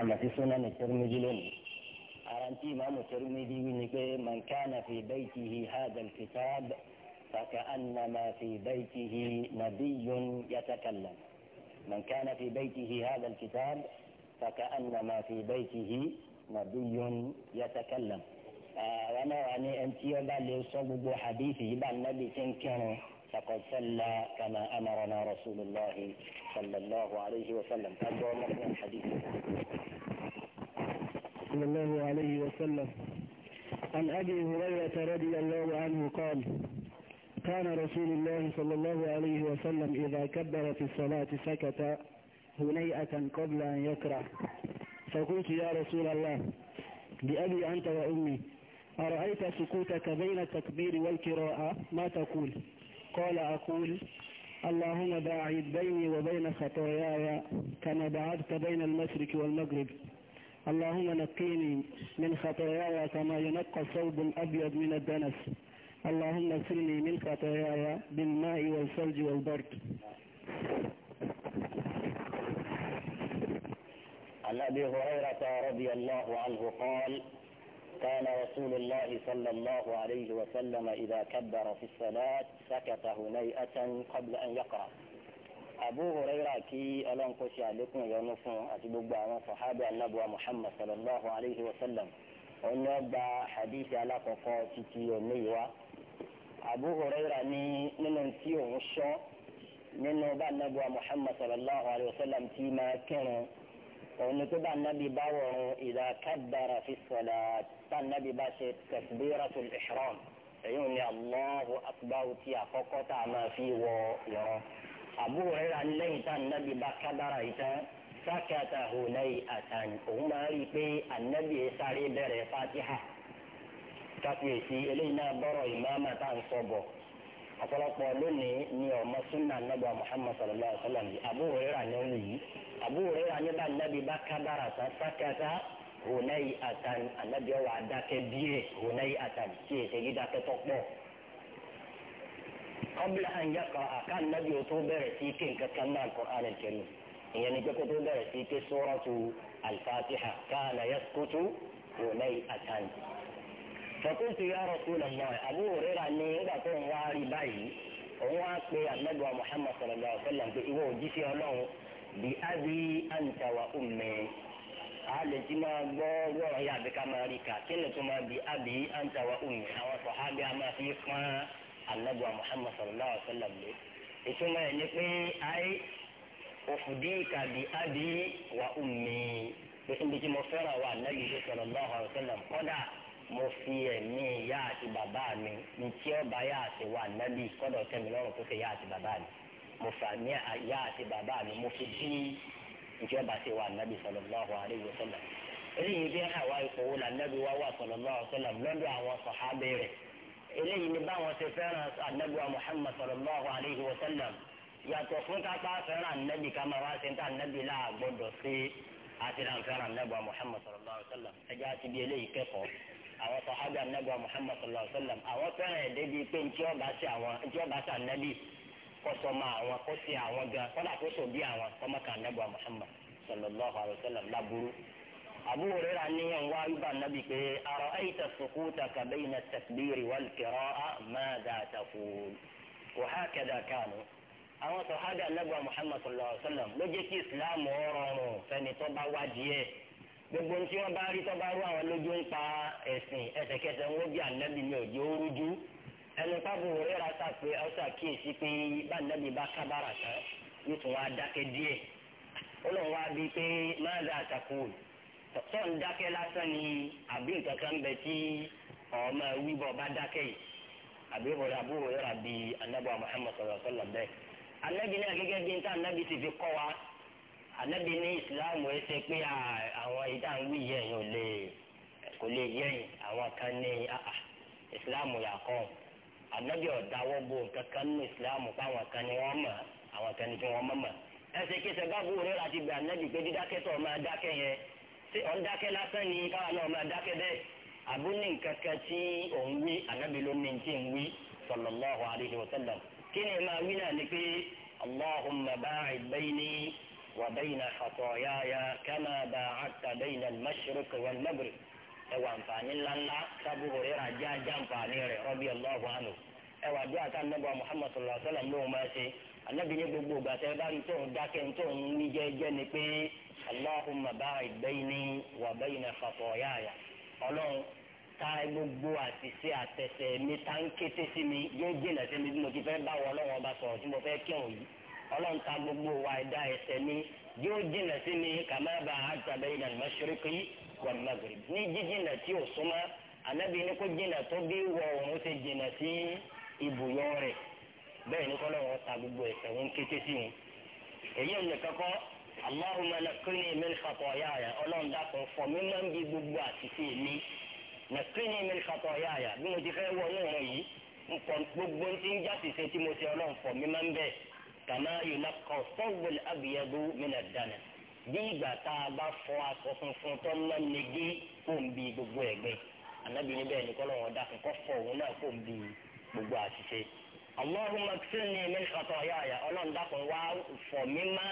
أما في سنن الترمذي لن أرانتي إمام الترمذي من كان في بيته هذا الكتاب فكأنما في بيته نبي يتكلم من كان في بيته هذا الكتاب فكأنما في بيته نبي يتكلم أنا آه، وأنا أنتي وبعد لي حديثي بعد نبي تنكره فقد صلى كما أمرنا رسول الله صلى الله عليه وسلم أبدو من الحديث صلى الله عليه وسلم عن أبي هريرة رضي الله عنه قال كان رسول الله صلى الله عليه وسلم إذا كبر في الصلاة سكت هنيئة قبل أن يكره فقلت يا رسول الله بأبي أنت وأمي أرأيت سكوتك بين التكبير والقراءة ما تقول؟ قال أقول اللهم باعد بيني وبين خطاياي كما بعدت بين المشرق والمغرب اللهم نقيني من خطاياي كما ينقى الثوب الأبيض من الدنس اللهم سلني من خطاياي بالماء والثلج والبرد عن أبي هريرة رضي الله عنه قال كان رسول الله صلى الله عليه وسلم إذا كبر في الصلاة سكت هنيئة قبل أن يقرأ أبو هريرة كي ألان قشي عليكم يا نفو أتبقى صحابي النبوة محمد صلى الله عليه وسلم أن يبدا حديث على قفاة ونيوة أبو هريرة ني ننن تيو غشو ننو بأن محمد صلى الله عليه وسلم تيما كان òun tó bá nábì bá wọ̀run ìdá kábàrà fi sọ̀lá tá nábì bá ṣe takbiratul ihram èyí ni Allahu akbar ti àkọ́kọ́ tá a máa fi wọ ìran àbúrò rẹ̀ ra lẹ́yìn tá nábì bá kábàrà yìí tán sákàtà hùnẹ́yì àtàn òun máa rí i pé ànábì sáré bẹ̀rẹ̀ fatiha káfíyèsí eléyìí náà bọ́rọ̀ ìmáàmà tá à ń sọ bọ̀ ọ̀pọ̀lọpọ̀ lónìí ni ọmọ súnà nàbà muhammad sallallahu alayhi wa sallam yìí Abu Hurairah ní ń yìí Abu Hurairah nígbà nàbí bá kábàrà tán sákàtà hunayi atan anabi ọwọ adakẹ bíyẹ hunayi atan tí èsè yìí dákẹ́ tó pọ̀. qabla an yaqra'a ká nàbí o tó bẹ̀rẹ̀ sí ké nkankan náà Qur'an al-Karim ìyẹn ní kókó tó bẹ̀rẹ̀ sí ké suratu فقلت يا رسول الله أبو هريرة ni nígbà tó ń wá rí báyìí òun wá pe àmẹ́gbà muhammad sallallahu alayhi wa sallam pé ìwọ abi anta a lè ti máa gbọ́ wọ́ọ̀rọ̀ yá àbíká máa rí ká kí ni tó máa bí abi fi pọ́n àmẹ́gbà muhammad sallallahu sallallahu mo fi ẹ̀mí ìyá àti bàbá mi ntí ọba yá àti wà nábì kọ́dọ̀ tẹ̀mí lọ́rùn tó fi yá àti bàbá mi mo fà ní ìyá àti bàbá mi mo fi bí ntí ọba ti wà nábì sallallahu alaihi wasallam eléyìí bí àwa ìkòwò là nábì wá wà sallallahu alaihi wasallam lọ́dọ̀ àwọn sàhábẹ́ rẹ̀ eléyìí ni báwọn ṣe fẹ́ràn ànábì wa Muhammad sallallahu alaihi wasallam yàtọ̀ fún kápá fẹ́ràn ànábì ká máa wá sí ní ànábì láà Muhammad sallallahu alaihi wasallam ẹjọ́ àti bí àwọn sọ̀hábà nẹ́gbà Muhammad sallallahu alayhi wa sallam àwọn fẹ́ràn ẹ̀ débi pé ntí ọba sí àwọn ntí ọba sí ànábì kọ́sọ́ máa àwọn kó sí àwọn gan kọ́dà kó sọ bí àwọn kọ́mọ́kà nẹ́gbà Muhammad sallallahu alayhi wa sallam láburú. Abu Huraira ní ẹ̀ ń wá ibà nábì pé ara'ayta sukutaka bayna at-takbiri wal-qira'a madha taqul wa hakadha kanu àwọn sọ̀hábà nẹ́gbà Muhammad sallallahu alayhi wa sallam ló jẹ́ kí fẹ́ni tó bá wá díẹ̀ gbogbo tí wọn bá rí tọ́ba rú àwọn lójú ń pa ẹ̀sìn ẹsẹ̀kẹsẹ̀ ń wọ́n bí ànábì mi ò jẹ́ ó rújú ẹnu pábò rẹ̀ ra sá pé ọ̀sà kíyèsí pé bá ànábì bá kábàrà tán yóò tún wá dákẹ́ díẹ̀ ó lọ́n wá bíi pé máa dá àtàkù tọ́ ń dákẹ́ lásán ni àbí nǹkan kan bẹ tí ọmọ wíbọ̀ bá dákẹ́ yìí àbí bọ̀dọ̀ àbúrò rẹ̀ ra bíi ànábì Muhammad sallallahu alaihi wasallam bẹ́ẹ̀ ànábì náà gẹ́gẹ́ bíi ní ànábi ní ìsìláàmù ẹ ṣe pé àwọn ìdáhùn yìí ẹ̀yìn ò lè kò lè yẹ̀yìn àwọn kan ní ìsìláàmù yàkọ́ ànábi ọ̀dáwọ́ bo nǹkan kan nínú ìsìláàmù fáwọn kan ní wọ́n mọ̀ àwọn kan ní tí wọ́n mọ̀ mọ̀ ẹsẹ̀ kí sẹ́gbàbù rẹ̀ láti gbà ànábi pé dídákẹ́ tó máa dákẹ́ yẹn ṣé ọ̀n dákẹ́ lásán ni káwọn náà máa dákẹ́ bẹ́ẹ̀ àbú ní tí òun wí ànábi ló ní tí ń wí sallallahu alaihi wasallam kí ni màá wí náà ni pé allahumma ba'id bayni. وبين خطاياي كما باعدت بين المشرق والمغرب ẹwà nfààní ńláńlá sábú òrera já já nfààní rẹ̀ radiyallahu anhu ẹwà bí àtà nàbà muhammad sallallahu alaihi wasallam ló ń bá ṣe anabi ní gbogbo ìgbà tẹ bá rí tóun dákẹ́ tóun ní jẹ́jẹ́ ni pé allahumma ba'id bayni wa bayna khataayaya ọlọ́run ta gbogbo àṣìṣe àtẹ̀sẹ̀ mi tá ń kété sí mi yóò jìnà sí mi bí mo ti fẹ́ bá wọ ọlọ́run ọba sọ̀rọ̀ tí mo fẹ́ kírun yìí ọlọ́run ta gbogbo wa ẹ̀dá ẹ̀sẹ̀ ní yóò jìnà sí ni kàmáàbà àtàbẹ̀ ìlànà mọ́ṣíríkì wàlúmàgbèrè ní jíjìnà tí ò súnmọ́ ànábì ní kó jìnà tó bí wọ òun ṣe jìnà sí ibùyọ rẹ̀ bẹ́ẹ̀ ní kọ́lọ́ wọn ta gbogbo ẹ̀sẹ̀ wọn kété sí wọn. èyí ò ní kankan aláhùnmá nàkírínì mẹ́lifàtọ̀ ọ̀yá rẹ̀ ọlọ́run dàpọ̀ fọ mímọ́ bí gbogbo àtìsí mi nàkírínì mẹ́lifàtọ̀ ọ̀yá rẹ̀ bí mo ti fẹ́ wọ inú yìí ń gbogbo ti ń jáde tí mo ṣe ọlọ́run fọ mímọ́ ń bẹ́ẹ̀ kàmá yunakọ sọ́wọ́l abiyadu mina dana bí ìgbà tá a bá fọ aṣọ funfun tó ń lọ́nẹ́gé kó ń bi gbogbo ẹ̀gbẹ́ anabi ni bẹ́ẹ̀ ni kọ́ lọ́wọ́ dá kó fọ òun náà kó ń bi gbogbo àṣìṣe. allahumma ksilni min khataayaya ọlọ́run dákun wá fọ mímá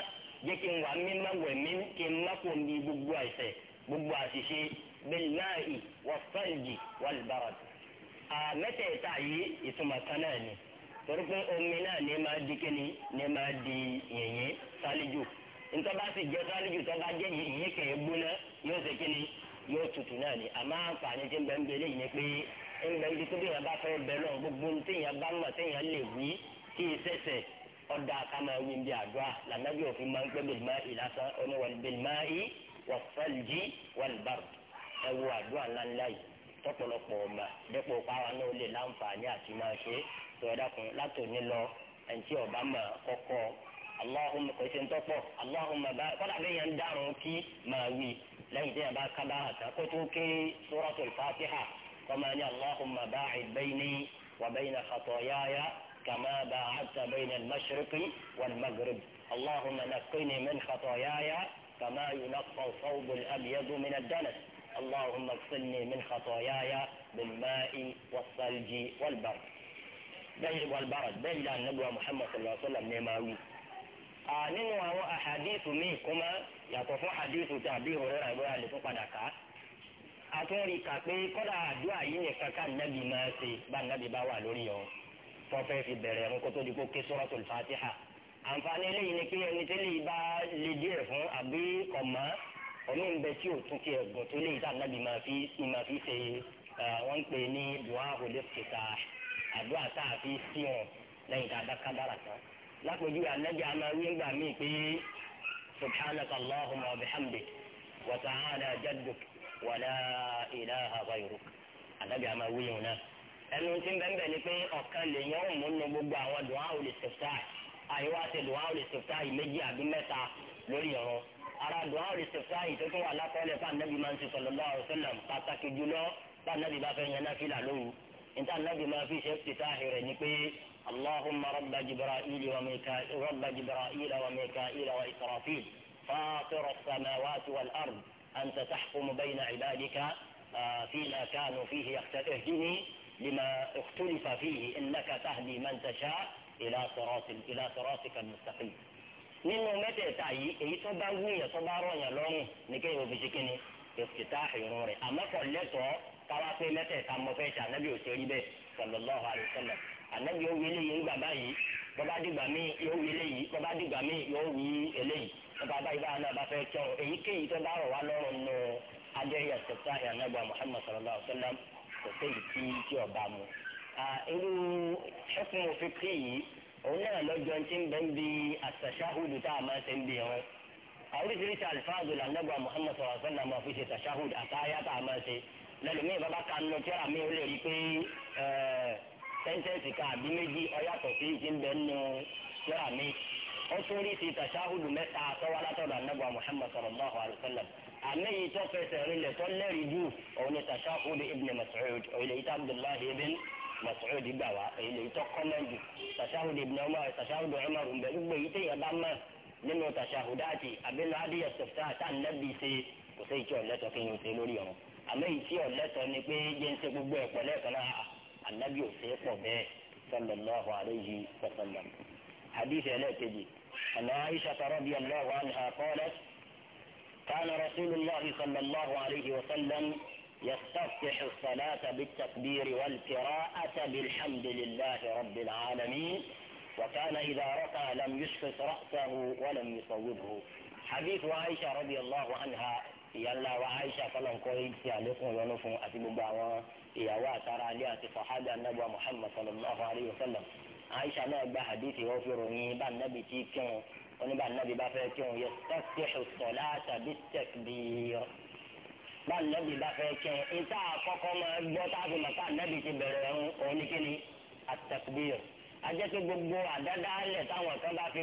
jẹ́ kí n wà mímá wẹ̀ mí kí n má kó ń bi gbogbo àṣẹ gbogbo àṣìṣe bil ma'i wal thalji wal barad. àmẹ́tẹ̀ẹ̀ta yìí ìtumọ̀ kan náà ni torí pé omi náà ní máa di kíni ní máa di yìnyín sálíjù nítorí bá sì jẹ sálíjù tó bá jẹ yìnyín kẹ̀ é gbóná yóò ṣe kíni yóò tutù náà ni àmọ́ àǹfààní ti ń bẹ ń bẹ lẹ́yìn ni pé ń bẹ ibi tó bí yẹn bá fẹ́ bẹ lọ gbogbo ní téèyàn bá mọ̀ téèyàn lè wí kí i sẹ̀sẹ̀ ọ̀dà ká máa wí bí àdúrà lànàbí òfin máa ń pẹ́ bèlì máa ìlàsán oníwàlú bèlì máa í wà fẹ́lìjì wà lùbàrù ẹ wo àdúrà ńláńlá yìí tọ́pọ̀lọpọ̀ ọ̀gbà dẹ́pọ̀ pàwọn náà lè láǹfààní àti máa ṣe é tó ẹ̀dá kun látòní lọ ẹ̀ǹtí ọ̀bá mà kọ́kọ́ aláhùnmá kò ṣe ń tọ́pọ̀ aláhùnmá bá kọ́dà bẹ́ẹ̀ yẹn ń dárun kí máa wí lẹ́yìn tí yẹn bá kábà àtà kó tó ké suratul fatiha kọ́má ní aláhùnmá ba'id bayni wa bayna khataayaya kàmá ba'adta bayna al-mashriqi wal-maghrib aláhùnmá naqqini min khataayaya kàmá yunaqqa al-thawbu al-abyadu اللهم اغسلني من خطاياي بالماء والثلج والبرد bẹ́ẹ̀ wàlbàrà bẹ́ẹ̀ ni anabiwa muhammad sallallahu alaihi wa sallam ní ma wí. nínú àwọn ahadithu míì kuma yàtọ̀ fún ahadithu tàbí òrẹ́rà ìwé àlè fún padà ká. a tún rí i kà pé kọ́dà àdúrà yìí nìkan ká nàbì máa ṣe bá nàbì bá wà lórí ọ̀hún. fọ́fẹ́ fi bẹ̀rẹ̀ ẹ̀rún kó tó di kó ké suratul fatiha. àǹfààní eléyìí ni pé ẹni tẹ́lẹ̀ bá lè díẹ̀ fún àbí ọ̀mà omi ń bẹ tí ò tún ti ẹ̀gùn tó léyìí tá nàbì máa fi ṣe wọ́n ń pè ní du'a olè àdúrà tá a fi sí ọ lẹ́yìn tá a dáká dára tán lápòjú ànájà máa wí ńgbà míì pé subhanaka allahumma wa bihamdik wa ta'ala jadduk wa la ilaha ghayruk ànájà máa wí yẹn náà ẹnu tí ń bẹ́ẹ̀ ni pé ọ̀kan lèèyàn ò mú nu gbogbo àwọn dùn áwò lè sèpta àyíwá ti dùn áwò lè sèpta yìí méjì àbí mẹ́ta lórí ọ̀run ara dùn áwò lè sèpta yìí tó tún wà lápẹ́lẹ̀ fún ànábì máa ń ṣe sallallahu alaihi wasallam pàtàkì jùlọ fún ànábì bá fẹ́ yẹn náà fìlà lóru انت النبي ما في شيء افتتاحي يعني رنيكي اللهم رب جبرائيل وميكائيل رب جبرائيل وميكائيل واسرافيل فاطر السماوات والارض انت تحكم بين عبادك آه، فيما كانوا فيه اهدني لما اختلف فيه انك تهدي من تشاء الى صراط الى صراطك المستقيم ninu mɛtɛ ta yi eyi tó bá wúyẹ tó bá rọnyẹ lọrùn nìkẹyìn òbí ṣe káwá pé mẹ́tẹ̀ẹ̀ta mọ fẹ́ ṣe ànábì ò ṣe rí bẹ́ẹ̀ sallallahu alaihi wasallam ànábì ó wí eléyìí ńgbà báyìí bọ́bá dìgbà míì yóò wí eléyìí bọ́bá dìgbà míì yóò wí eléyìí bọ́bá báyìí báyìí náà bá fẹ́ tọ́ èyíkéyìí tó bá rọ̀ wá lọ́rùn nù adéyẹ sọ̀tà ànábì Muhammad sallallahu alaihi wasallam kò séyìí tí tí ọba mu. irú ṣẹ́kùn òfin pé yìí òun náà lọ́jọ́ tí ń bẹ́ ń bi àtàṣáhùdù tá a máa ṣe ń bi wọn. oríṣiríṣi àlùfáàdù làǹdàgbà Muhammad sallallahu alaihi lẹ́lòmíì bàbá kan lọ tíra mi ó lè rí i pé sẹ́ńtẹ́ǹsì kan àbí méjì ọ̀yàtọ̀ sí ti ń bẹ nínú tíra mi ó tún rí ti tàṣáhùdù mẹ́ta tọ́wọ́ látọ̀dọ̀ anábọ̀ muhammad sallallahu alayhi wa sallam àmì yìí tó fẹsẹ̀ rinlẹ̀ tó lẹ́rìí jù òun ni tàṣáhùdù ibn mas'ud òun lè ta abdullahi ibn masoud gbà wá èyí lè tọ́ kọ́mẹ́ǹdì tasahud ibn umar tasahud umar ń bẹ gbogbo èyí téèyàn bá mọ̀ nínú tasahudati abiláàdì ẹ̀sọ̀tà tá nàbì ṣe kò sí ìjọ lẹ́tọ̀ kí n ṣe lórí ọ̀run. àmọ́ èyí tí ọ̀lẹ́sọ ni pé jẹ́nsẹ́ gbogbo ẹ̀pọ̀ lẹ́ẹ̀kan náà ànábì òsè pọ̀ bẹ́ẹ̀ sallallahu alayhi wa sallam. حديث علاقتي أن عائشة رضي الله عنها قالت كان رسول الله صلى الله عليه وسلم يستفتح الصلاة بالتكبير والقراءة بالحمد لله رب العالمين وكان إذا ركع لم يشخص رأسه ولم يصوبه حديث عائشة رضي الله عنها ìyá ńlá wa Aisha kọlọ̀nkọ́ ti àlékún ìrọ́nú fún àti gbogbo àwọn ìyàwó àtàrà alẹ́ àti sọ̀hádà nàbọ̀ Muhammad sallallahu alayhi wa sallam Aisha náà gba hadith wọ́n fi ròyìn bá nàbì tí kírun wọn ní bá nàbì bá fẹ́ kírun yẹ tẹ́síhù sọ̀lá tàbí tẹ́kbìr bá nàbì bá fẹ́ kírun ìta àkọ́kọ́ máa gbọ́ táàbù màkà nàbì ti bẹ̀rẹ̀ ẹ̀hún òun ní kíni àtẹ́kbìr ajẹ́pẹ́ gbogbo àdádálẹ̀ táwọn kan bá fi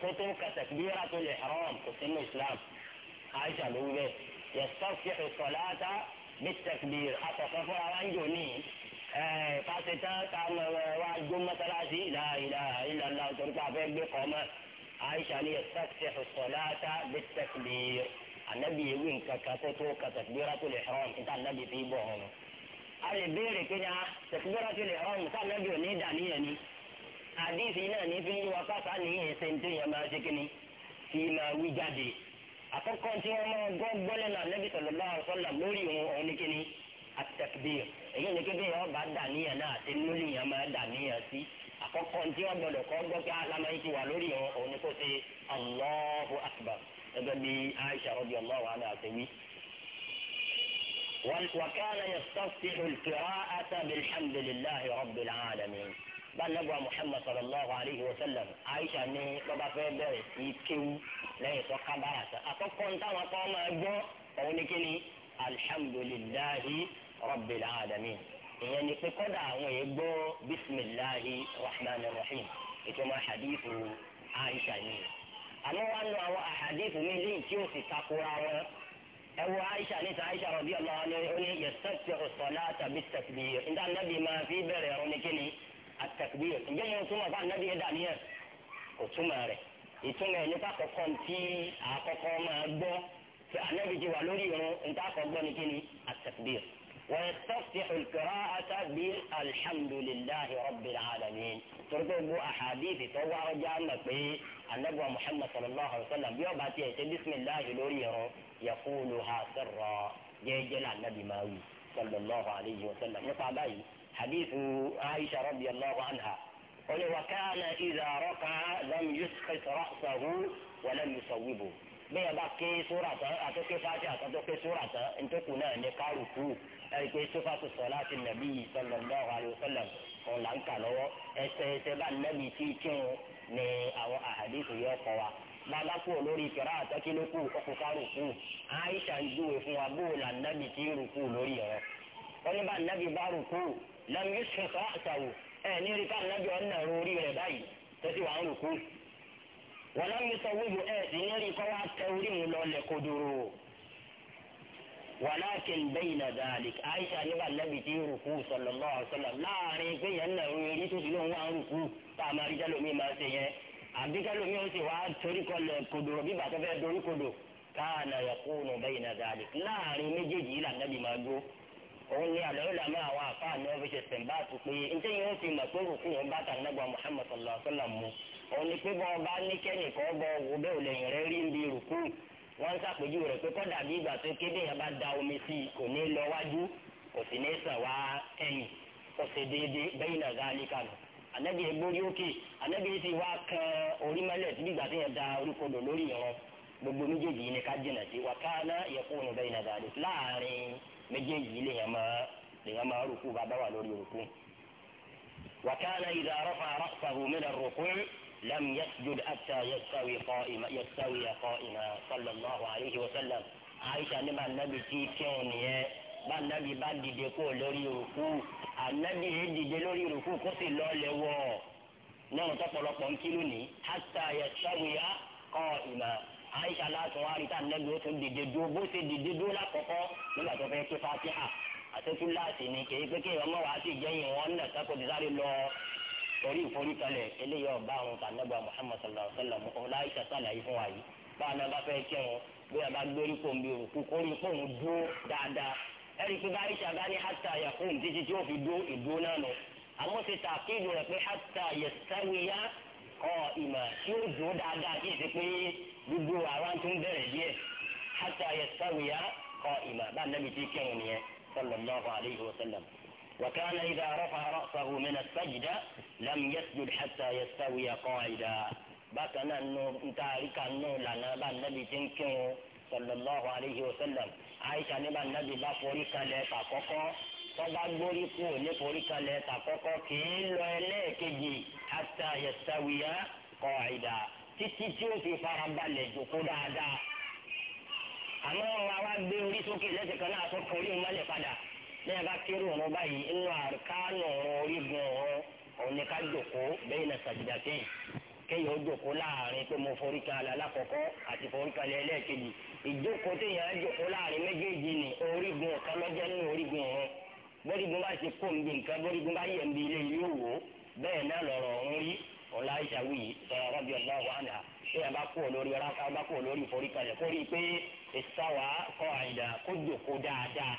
kọ́ àìsà ló wí bẹ́ẹ̀ yẹsọ́fì ìsọ̀láta bitakbir àtọ̀kọ́ fún ara ń jò ní pásítọ̀ táwọn wa jó mọ́sálásí la ilaha illallah torí pé a fẹ́ gbé kọ́ mọ́ àìsà ni yẹsọ́fì ìsọ̀láta bitakbir ànábì ewé nǹkan kan tó tó ka takbiratul níta ànábì fi bọ̀ ọ̀nà. a lè béèrè pé ya takbiratul ihram níta ànábì ò ní dàníyàn ni àdìsí náà ní fi yí wa nìyẹn ṣe yẹn máa ṣe kíni kí máa wí jáde àkọ́kọ́ tí wọ́n máa gbọ́ gbọ́lẹ̀ náà nẹ́bí sọ̀rọ̀ bá wọn sọ́nà lórí òun ọ̀hún ní kíni àtẹ̀kùbíyàn èyí ni kébé yẹn bá dà níyàn náà àti lórí yẹn máa dà níyàn sí àkọ́kọ́ tí wọ́n gbọ́dọ̀ kọ́ gbọ́ pé alámáyé ti wà lórí òun ọ̀hún ní kó ṣe allahu akbar gẹ́gẹ́ bí aisha rọ́bì allahu anha àti wí. wàkàlà yẹ gbanabu muhammad sallallahu alayhi wa sallam aisha ní bàbá fẹ́ bẹ̀rẹ̀ sí kéwú lẹ́yìn tó kábàrà tán àkọ́kọ́ táwọn kan máa gbọ́ òun ní kíni alhamdulillahi rabbil alamin ìyẹn ni pé kọ́dà àwọn èèyàn gbọ́ bisimilahi rahman rahim ìtumọ̀ hadithu aisha ni àmọ́ wàá nu àwọn ahadithu mi léyìí tí ó sì takora wọn ẹwọ aisha níta aisha radiyallahu anha ó ní yẹsẹ̀ tí o sọ̀ láta bí tẹ̀síbí yìí níta nàbì máa fi bẹ̀rẹ̀ ọ̀rọ̀ àtẹ̀kùbíyà ǹjẹ́ yẹn túmọ̀ fún ànábì ẹ̀dá nìyẹn kò túmọ̀ rẹ̀ ìtumọ̀ ẹ̀ nípa kọ̀kọ́ ti àkọ́kọ́ máa gbọ́ tí ànábì ti wà lórí irun níta àkọ́gbọ́ ni kí ni àtẹ̀kùbíyà wọ́n tọ́sí ìkìrá àtàbí alhamdulilahi rabbil alamin torí pé gbogbo àhàdìsì tó wá ọjà mọ̀ pé anabi muhammad sallallahu alayhi wa sallam bí ọba tiẹ̀ ṣe bisimilahi lórí irun yaqulu ha sirra jẹ́jẹ́ la anabi máa wí sallallahu alayhi wa sallam nípa báyìí حديث عائشة رضي الله عنها قال وكان إذا ركع لم يسقط رأسه ولم يصوبه bẹ́ẹ̀ bá ké sóra tán àtọ́ké fájà àtọ́ké sóra tán ntòkù náà ní kárùkù ẹ̀ẹ́dẹ́gbẹ́ sófà tó sọ láti nàbí yìí sallallahu alaihi wasallam ọ̀là ń kà lọ́wọ́ ẹsẹ̀ ẹsẹ̀ bá nàbí tí kírun ní àwọn àhàdìsì yẹ kọ́ wa bàbá kú lórí ìkẹrẹ àtọ́ké ló kù ọkù kárùkù Àìṣà júwe fún wa bóòlà nàbí tí rùkù lórí ẹ̀rọ lẹ́nu yóò ṣe sọ àṣàwò ẹ̀ ní rí káà nábì ọ̀nà ẹ̀rọ orí rẹ̀ báyìí tẹ́sí wàá rò kú. wọ́n lọ́n mi sọ wíwò ẹ̀ sì ní rí kọ́ wá tẹ orí mi lọ lẹ̀ kodoro. wàlákin bẹ́yìn dàlík àyíṣà nígbà lẹ́bi tí rò kú sallallahu alaihi wasallam láàrin pé yẹn náà rí rí tó ti lóun wá rò kú tá a máa rí jálòmí máa ṣe yẹn àbí jálòmí ó sì wá torí kọ́ lẹ̀ kodoro bí bàtọ́ fẹ́ dorí kodo káà náà yẹ kó òun ni àlọ́ọ̀lá máa àwọn àfáà ní ọ́fíìsì ṣẹ̀ǹbá àti pé njẹ́ yóò fi mọ̀ pé òkú yẹn bá tà nígbà Muhammad sallallahu alaihi wasallam mu òun ni pé bọ́n bá ní kẹ́nìkan bọ́ wo bẹ́ẹ̀ ò lẹ́yìn rẹ rí ibi rùkú wọ́n ń sàpèjúwe rẹ̀ pé kọ́dà bí ìgbà tó kéde da omi sí i kò ní lọ wájú kò sì ní sàn wá ẹ̀yìn kò sì déédéé bẹ́yìn náà gáálí kànú ànábì egbórí òkè ànábì ti wá kan orí mẹ́lẹ̀ gbogbo méjèèjì yìí ni ká jìnnà sí wa káàná yẹfun ọ̀nà bẹ́yìn nàdàdé láàrin méjèèjì yìí lèèyàn máa lèèyàn máa rúkú bàbá wà lórí rúkú. wa káàná idha rafa'a ra'sahu min ar-ruku' lam yasjud hatta yastawi qa'iman yastawi qa'iman sallallahu alayhi wa sallam. àyíṣà ní bá nàbì tí kẹ́hìn nìyẹn bá nàbì bá dìde kó lórí rúkú ànàbì yìí dìde lórí rúkú kó sì lọ́ọ̀lẹ̀ wọ̀ náà tọ́pọ̀lọpọ̀ ń àyíṣà láti wá rí táà nẹ́bí ó tún dìde dúró bó ṣe dìde dúró lákọ̀ọ́kọ́ nígbà tó fẹ́ kí fatiha àtẹ́tù láti ní kéé pé kéèyàn mọ̀ wá sí ìjẹ́yìn wọn náà sáko ti sáré lọ torí ìforíkalẹ̀ eléyìí ọba àwọn tànẹ́bà muhammad sallallahu alayhi wa sallam ọ̀la àyíṣà sàlàyé fún wa yìí bá a náà bá fẹ́ kírun bí a bá gbérí kò ń bí òkú kó rí kóun dúró dáadáa ẹ̀rí pé bá àyíṣà bá ní hàtà yàkùn títí tí ó fi dúró ìdúró náà nù àmọ́ ti tàkìlù rẹ̀ pé hàtà yẹ kọ́ ìmọ̀ yóò dùn dáadáa kí èsì pé gbogbo àwọn tó ń bẹ̀rẹ̀ díẹ̀ hàtà yẹ sáwìyà kọ́ ìmọ̀ bá nàbì tí kẹ́hìn nìyẹn sallallahu alayhi wa sallam. وكان إذا رفع رأسه من السجدة لم يسجد حتى يستوي قاعدا bákan náà nù ntaarika nù lànà bá nàbì tí ń kírun sallallahu alayhi wa sallam ní bá nàbì bá forí kalẹ̀ kàkọ́kọ́ tọ́ba gbórí kú òní forí kalẹ̀ tàkọ́kọ́ kì í lọ ẹlẹ́ẹ̀kejì àtà yẹ̀sáwìyá kọ̀ àìdá títí tí ó fi farabalẹ̀ jòkó dáadáa. àmọ́ àwa gbé orí sókè lẹ́sẹ̀ kan náà sọ́kàn orí ìmọ̀lẹ̀ padà lẹ́yìn bá kéré òun báyìí inú àrùkánù ọ̀rọ̀ orígun ọ̀rọ̀ òun ni ká jòkó bẹ́ẹ̀ náà sàjìdàkẹ́yìn kéèyàn ó jòkó láàrin pé mo forí kalẹ̀ alákọ̀ọ́kọ́ àti forí kalẹ̀ ẹlẹ́ẹ̀kejì ìjókòó téèyàn á jòkó láàrin méjèèjì ni orígun ọ̀kan lọ́jọ́ nínú orígun ọ̀rọ̀ bórígun bá ṣe kó nbí nǹkan bórígun bá yẹ nbí ilé yóò wò bẹ́ẹ̀ náà lọ̀rọ̀ ọ̀hún rí ọ̀la ìṣàwí sọ̀rọ̀ rọ́bì ọ̀la wàhánà ṣé ẹ bá kó lórí rákà bá kó lórí ìforíkalẹ̀ kó rí i pé ìsáwà kọ àìdá kó jòkó dáadáa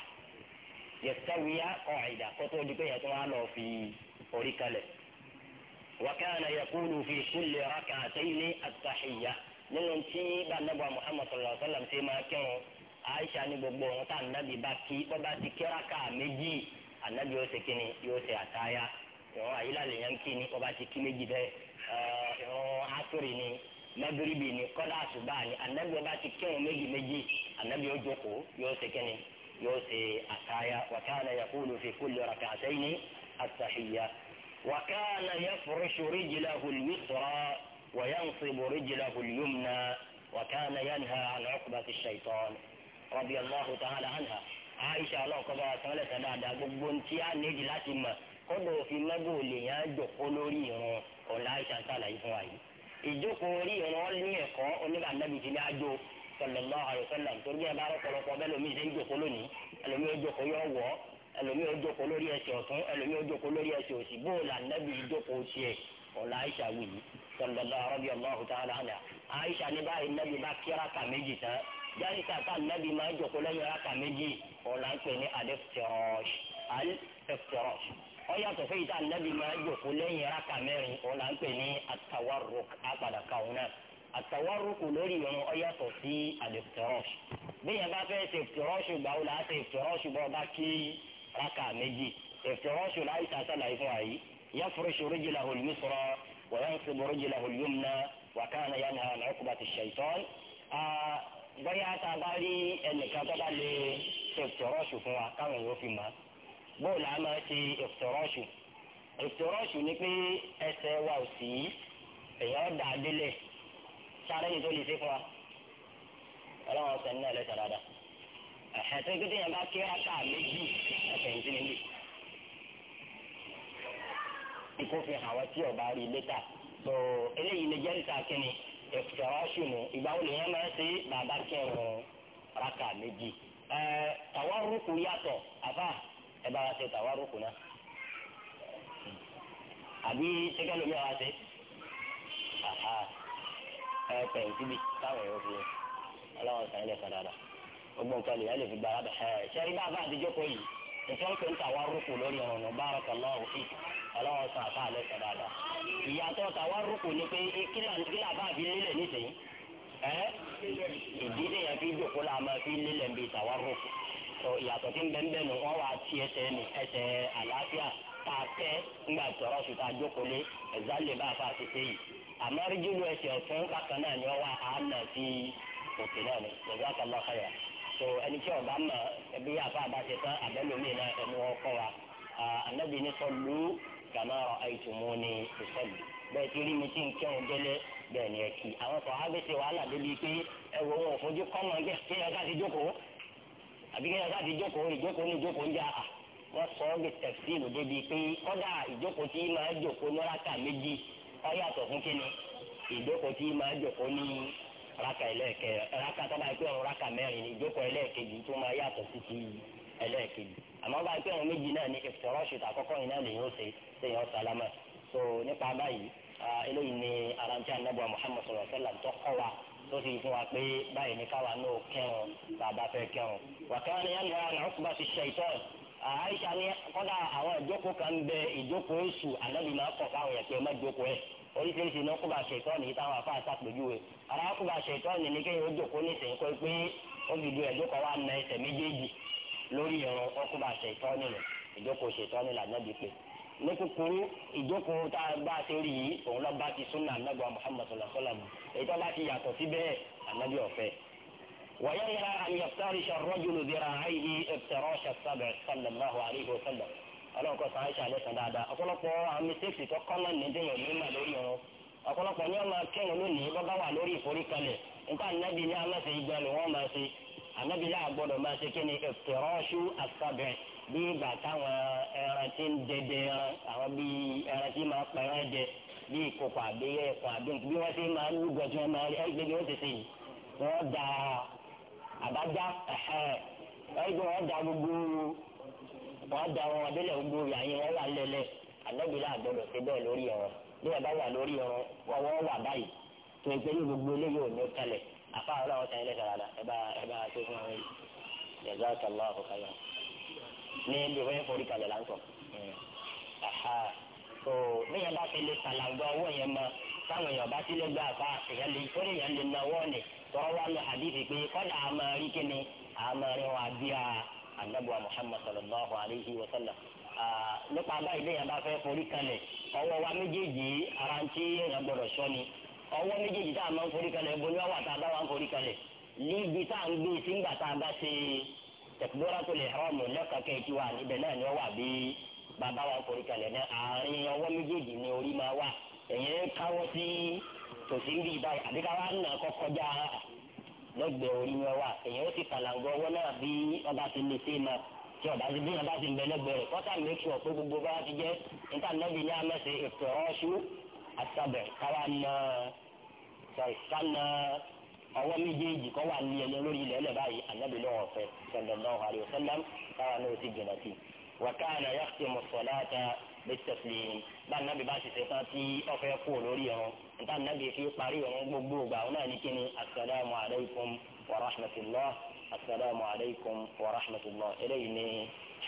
yẹsáwìyá kọ àìdá kó tó di pé yẹn tó wá lọ fi oríkalẹ̀. wákàna yakulu fi kulli rákà àtẹ́yìn ní àtàhìyà nínú tí bá nàbà muhammadu sallallahu alayhi wa sallam ṣe máa kẹ́hìn aisha ní gbogbo ọ̀run tá ànábì bá kí ọba ti kíraka méjì ànábì yóò ṣe kíni yóò ṣe àtàyà ìrún àyílà lèyàn kí ni ọba ti kí méjì bẹ́ẹ̀ ìrún asúrì ni magiribi ni kọ́dà àṣùbà ni ànábì ọba ti kírun méjì méjì ànábì yóò jókòó yóò ṣe kíni yóò ṣe àtàyà wàkàna yakulu fi kulli rak'atayni àtàhìyà wàkàna yafrushu rijlahu al-yusra wa yansibu rijlahu al-yumna wàkàna yanha an 'uqbati ash radiyallahu ta'ala anha aisha ọlọ́kọ́ba sọ́lẹ̀ sọ́dọ̀ àdá gbogbo ntí a nídìí láti mọ̀ kọ́dọ̀ òfin mẹ́gbò lè yàn án jòkó lórí ìrun ọ̀la aisha sàlàyé fún wa yìí ìjókòó orí ìrun ní ẹ̀kọ́ onígbà nàbì ti ní àjò sọlọ́lá àròsọ́lá torí ẹ̀ bá rọ́pọ̀lọpọ̀ bẹ́ẹ̀ lómi ṣe ń jòkó lónìí ẹlòmí ó jòkó yọ wọ́ ẹlòmí ó jòkó lórí ẹsẹ̀ ọ̀tún ẹlòmí ó jòkó lórí ẹsẹ̀ òsì bóòlà nàbì ìjókòó tiẹ̀ ọ̀la aisha wì yìí sọlọ́lá rọ́bì ọlọ́hùn táwọn aisha ní báyìí nàbì bá kíra kà méjì tán jáde kàkà nàbì máa ń jòkó lẹ́yìn rákà méjì ọ̀la ń pè ní adẹ́fẹ̀rọ̀ṣ alẹ́fẹ̀rọ̀ṣ ó yàtọ̀ fún ìta nàbì máa ń jòkó lẹ́yìn rákà mẹ́rin ọ̀la ń pè ní atawarruk apàdà kàwọn náà atawarruk lórí ìrún ó yàtọ̀ sí adẹ́fẹ̀rọ̀ṣ bí yẹn bá fẹ́ ṣe fẹ̀rọ̀ṣ gbà ó là á ṣe fẹ̀rọ̀ṣ bọ́ bá kí rákà méjì fẹ̀rọ̀ṣ يفرش رجله اليسرى وينصب رجله اليمنى وكان ينهى عقبة الشيطان bóyá tá a bá rí ẹnìkan tó bá lè ṣe ìtọ́rọ́ṣù fún wa káwọn èèyàn fi mọ̀ bóòlù á máa ṣe ìtọ́rọ́ṣù ìtọ́rọ́ṣù ni pé ẹsẹ̀ wa ò sí èèyàn dà á délẹ̀ sáré yìí tó lè ṣe fún wa ọlọ́run ọ̀sẹ̀ nínú ẹ̀lẹ́sẹ̀ dáadáa ẹ̀sẹ̀ gbé téèyàn bá kí ọ́kà méjì ẹ̀sẹ̀ ń dín níbi ìkófin àwọn tí ọba rí létà tó eléyìí lè jẹ́rìí sáà kínni. ìfìyàwáṣùnù ìgbàwo nìyẹn máa ń ṣe bàbá kẹrùn raka méjì ẹ tàwárùkù yàtọ̀ àbá ẹ bá wa ṣe tàwárùkù náà àbí sẹkẹlómi àwa ṣe ẹ pẹ̀lú bí táwọn èèyàn fi ọlọ́wọ́n sàn ilẹ̀ kan dáadáa lè fi gbára bẹ̀ ṣẹ́rí bá a bá kọ yìí. ìṣẹ́ ń pè ń tàwa rúkù lórí ọ̀rọ̀ náà barakallahu fi ọlọ́wọ́ sọ àbá alẹ́ sọ dáadáa. ìyàtọ̀ tàwa rúkù ni pé kílà bá fi lélẹ̀ nísìnyí ẹ ìdí nìyẹn fi jòkó la máa fi lélẹ̀ ń bi tàwa rúkù. ìyàtọ̀ tí ń bẹ́ẹ̀ bẹ́ẹ̀ nù wọ́n wá ti ẹsẹ̀ nù ẹsẹ̀ àlàáfíà tá a kẹ́ ńgbà tọ̀rọ̀ sùn a jókòó lé ẹ̀zálẹ̀ bá a fa àti sẹ́yìn. àmọ́ rí jùlọ ẹsẹ̀ fún bákan náà ni wọ́n wá àánà sí òkè náà ni ẹ̀zá kan lọ́kàyà. so ẹni tí bí àfa àbáṣe tán àbẹ́lómi náà ẹnu ọkọ wa anabi ní sọlú kàmá àìtùmọ́ ní ìsọlù bẹ́ẹ̀ ti rí mi tí n kẹ́hìn délé bẹ́ẹ̀ ni ẹ kí àwọn sọ á bẹ́sẹ̀ wàhálà débi pé ẹ wò wọn òfojú kọ́mọ ẹgbẹ́ kí ẹ káàdì jókòó àbí kí ẹ káàdì jókòó ìjókòó ní ìjókòó ń jà à wọ́n sọ ọ́ bí tẹ̀síìlù débi pé kọ́dà ìjókòó tí máa jókòó níraka méjì ọ yàtọ̀ fún kíni ìjókòó tí máa jókòó ní raka ẹlẹ́ẹ̀kẹ́ raka tó bá yẹ pé ọ̀run raka mẹ́rin ni ìjókòó ẹlẹ́ẹ̀kejì tó máa yàtọ̀ sí ti ẹlẹ́ẹ̀kejì àmọ́ bá yẹ pé ọ̀run méjì náà ni ìfọ̀rọ̀ṣù àkọ́kọ́ yìí náà lèyìn ó ṣe ṣèyàn sálámà so nípa báyìí eléyìí ni aranjẹ anábọ̀ Muhammad sọ̀rọ̀ sẹ́lá tó kọ́ wa tó fi fún wa pé báyìí ní káwa náà kẹrùn bàbá fẹ́ kẹrùn wàkàrà ni yàrá àwọn ọkùnrin bá ti ṣe ìtọ́ọ̀ àyíṣà ni kọ́dà àwọn ìjókòó kan bẹ ìjókòó èṣù ànábì máa kọ̀ fáwọn yẹn pé ẹ má ẹ̀ oríṣiríṣi ní kúbà ṣètọ́ọ̀nì yìí táwọn afá àtàpèjúwe ara kúbà ṣètọ́ọ̀nì ni kéèyàn ó jòkó nísìnyí kó pé ó dìdú ẹ̀dùn kan wà na ẹsẹ̀ méjèèjì lórí ìrun ó ṣètọ́ọ̀nì rẹ̀ ìjókòó ṣètọ́ọ̀nì làná bí pé ní kúkúrú ìjókòó tá a bá ṣe rí yìí òun lọ bá ti súnà anábọ̀ Muhammad sallallahu alaihi èyí tó bá yàtọ̀ sí bẹ́ẹ̀ anábì ọ̀fẹ́. wàyẹ̀ yẹra ọlọ́nkọ́ sàn áìsà lẹ́sàn dáadáa ọ̀pọ̀lọpọ̀ àwọn mẹsẹ̀sì tó kọ́ náà nídìyàn ní mà lórí ọ̀rọ̀ ọ̀pọ̀lọpọ̀ ní ọmọ akẹ́yìn lónìí bọ́bá wà lórí nípa ní aláṣẹ ìgbà ni wọ́n máa ṣe ànábì láà gbọ́dọ̀ máa ṣe kí ni ìfẹ̀rọ́ṣù àfàbẹ̀ ìgbà táwọn ẹran ti ń dẹdẹ ẹran àwọn ẹran ti máa pa ẹran jẹ bí ṣe máa máa rí bí ti ṣe yìí da wọ́n da wọn adélẹ̀ ń gbórí àyìn wọn wà lẹ́lẹ̀ àdọ́gbélé àgbọ̀dọ̀ sí bẹ́ẹ̀ lórí ọ̀rọ̀ bí wọ́n bá wà lórí ọ̀rọ̀ wọ́n wọ́n wà báyìí tó ń pẹ́ ní gbogbo eléyìí ò ní kalẹ̀ àfa àwọn ọlọ́wọ́ sanyẹlẹ sàràdà ẹ bá ẹ bá ṣe fún àwọn yìí ẹ̀dá kàlá àkọkàyà ní ibi wọ́n forí kalẹ̀ láǹkọ̀ so níyẹn bá fi lè owó yẹn mọ táwọn èèyàn ti lè gbà fa èèyàn lè tó lè lè náwó ni tọ́wọ́ wá lọ àdìsí pé kọ́dà anabuwa muhammad sallallahu alayhi wa sallam nípa báyìí lẹ́yìn abá fẹ́ forí kalẹ̀ ọwọ́ wa méjèèjì ara èèyàn gbọ́dọ̀ sọ ni ọwọ́ méjèèjì tá a máa ń forí kalẹ̀ bo ní wàá tá a bá wà ń forí kalẹ̀ níbi tá a ń gbé sígbà tá a bá ṣe ni wà bí bàbá wa ń forí kalẹ̀ ní àárín ọwọ́ méjèèjì ni orí lẹ́gbẹ̀ẹ́ orí yẹn wà èyàn ó ti kàlàngọ ọwọ́ náà bí ọba ti lè ṣe máa tí ọba ti bí ọba ti ń bẹ lẹ́gbẹ̀ẹ́ rẹ̀ kọ́tà méjì ọ̀pẹ́ gbogbo bá ti jẹ́ níta nẹ́bí ní amẹ́sẹ̀ ètò ọ̀ṣù àtàbẹ̀ káwa na sọ̀rọ̀ kánà ọwọ́ méjèèjì kọ́ wà ní ẹyẹ lórí ilẹ̀ ẹlẹ́ báyìí ànábì lọ́wọ́ ọ̀fẹ́ sallallahu alaihi wasallam káwa náà ti jìnà sí wa kana yahtimu salata bit taslim bá ànábì bá níta nàbì fi parí ọ̀run gbogbo gba ọ̀hún náà ní kíni assalamu alaikum wa rahmatullah assalamu alaikum wa rahmatullah eléyìí ni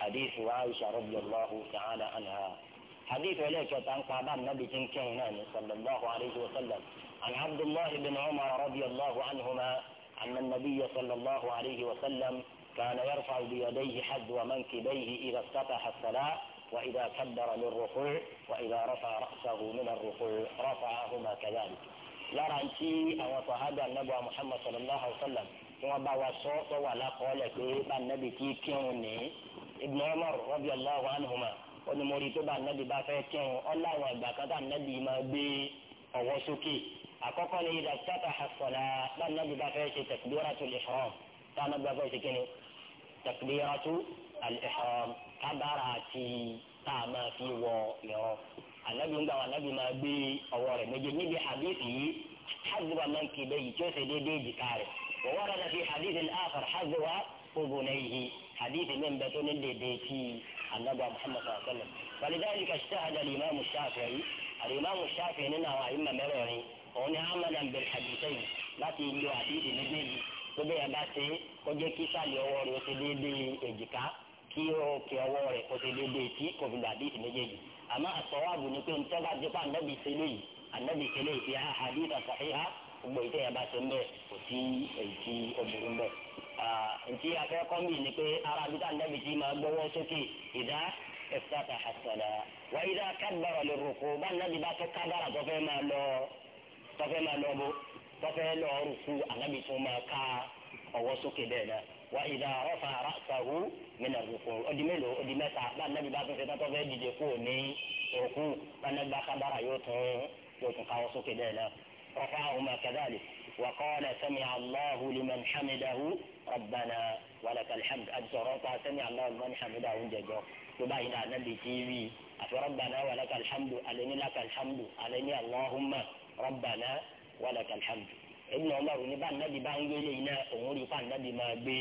hadith wa aisha radhiyallahu ta'ala anha hadith ẹlẹ́kẹta ń pa bá nàbì tí ń kẹ́yìn ní sallallahu alaihi wa sallam an abdullah ibn umar radhiyallahu anhuma anna an-nabiy sallallahu alaihi wa sallam كان يرفع بيديه حد ومنكبيه إذا افتتح الصلاة وإذا كبر للركوع وإذا رفع رأسه من الركوع رفعهما كذلك lára ntí àwọn sàhábà anábọ̀ muhammad sallallahu alayhi wa sallam tí wọ́n bá wa sọ tó wà lákọọ́lẹ̀ pé bá nàbì kí kírun ní ibn umar rabi allahu anhuma ó ní mo rí i pé bá nàbì bá fẹ́ kírun ó láwọn ìgbà kan tá nàbì máa gbé ọwọ́ sókè àkọ́kọ́ ni idha ftataha as-salah bá nàbì bá fẹ́ ṣe takbiratul ihram tá nàbì bá fẹ́ ṣe kíni takbiratul ihram kábàárà àti tá a máa fi wọ ìrọ̀ ànábì ń gbà wọn ànábì máa gbé ọwọ́ rẹ̀ méje níbi àdéhùn yìí hàzùwà máa ń kì bẹ́yì tí ó ṣe déédéé jìkà rẹ̀ wọ́n wá rẹ̀ fi àdéhùn àfàr hàzùwà kóbó náà yìí àdéhùn mi ń bẹ tó ní déédéé tí ànábì muhammad sallallahu alayhi wa sallam wàlídáyìí kà ṣe àdàlì ìmáàmù ṣáfẹ̀rí àdìmáàmù ṣáfẹ̀rí nínú àwọn àyíma mẹ́rẹ̀ẹ̀rin òun ni hamadan bẹ̀rẹ̀ hadithayn láti lo àdéhùn méjèèjì tó bẹ́ẹ̀ bá ṣe kó jẹ́ kí sàlẹ̀ kí irun kí ọwọ́ rẹ̀ kó ṣe déédéé tí kò fi gbàdí ìsìn méjèèjì àmọ́ àtọ́wábù ni pé ntọ́ba dípò ànábì ṣẹlẹ̀ yìí ànábì ṣẹlẹ̀ yìí fi há àdìsà sàhíhá gbogbo ìtẹ́ yẹn bá ṣe ń bẹ̀ kò sí èyí tí obìnrin ń bẹ̀. ntí akẹ́kọ̀ọ́ mi ni pé ara bíi ànábì ti máa gbọ́wọ́ sókè ìdá ẹ̀fọ́ta àṣàdá wà ìdá kábàrọ̀ lè rúkú bá ànábì bá tó kábàrà tó fẹ́ máa lọ bó tó fẹ́ lọ rúkú ànábì tó máa ká wa ìdá ọ̀fà ràṣàhù mìnà rúkú ọdí mélòó ọdí mẹ́ta bá nàbí bá tún ṣe tán tó fẹ́ dìde kú ní òkú bá nàbí bá kábàrà yóò tún yóò tún káwọ́ sókè bẹ́ẹ̀ náà rọ́fà ọ̀hún kẹ́dàlì وقال سمع الله لمن حمده ربنا ولك الحمد أبصرت سمع الله لمن حمده جدو تبين على التيفي أفي ربنا ولك الحمد عليني لك الحمد عليني اللهم ربنا ولك الحمد ebi náà ọlọ́run ní bá nàbí bá ń gbélé iná òun rí fún ànábì máa gbé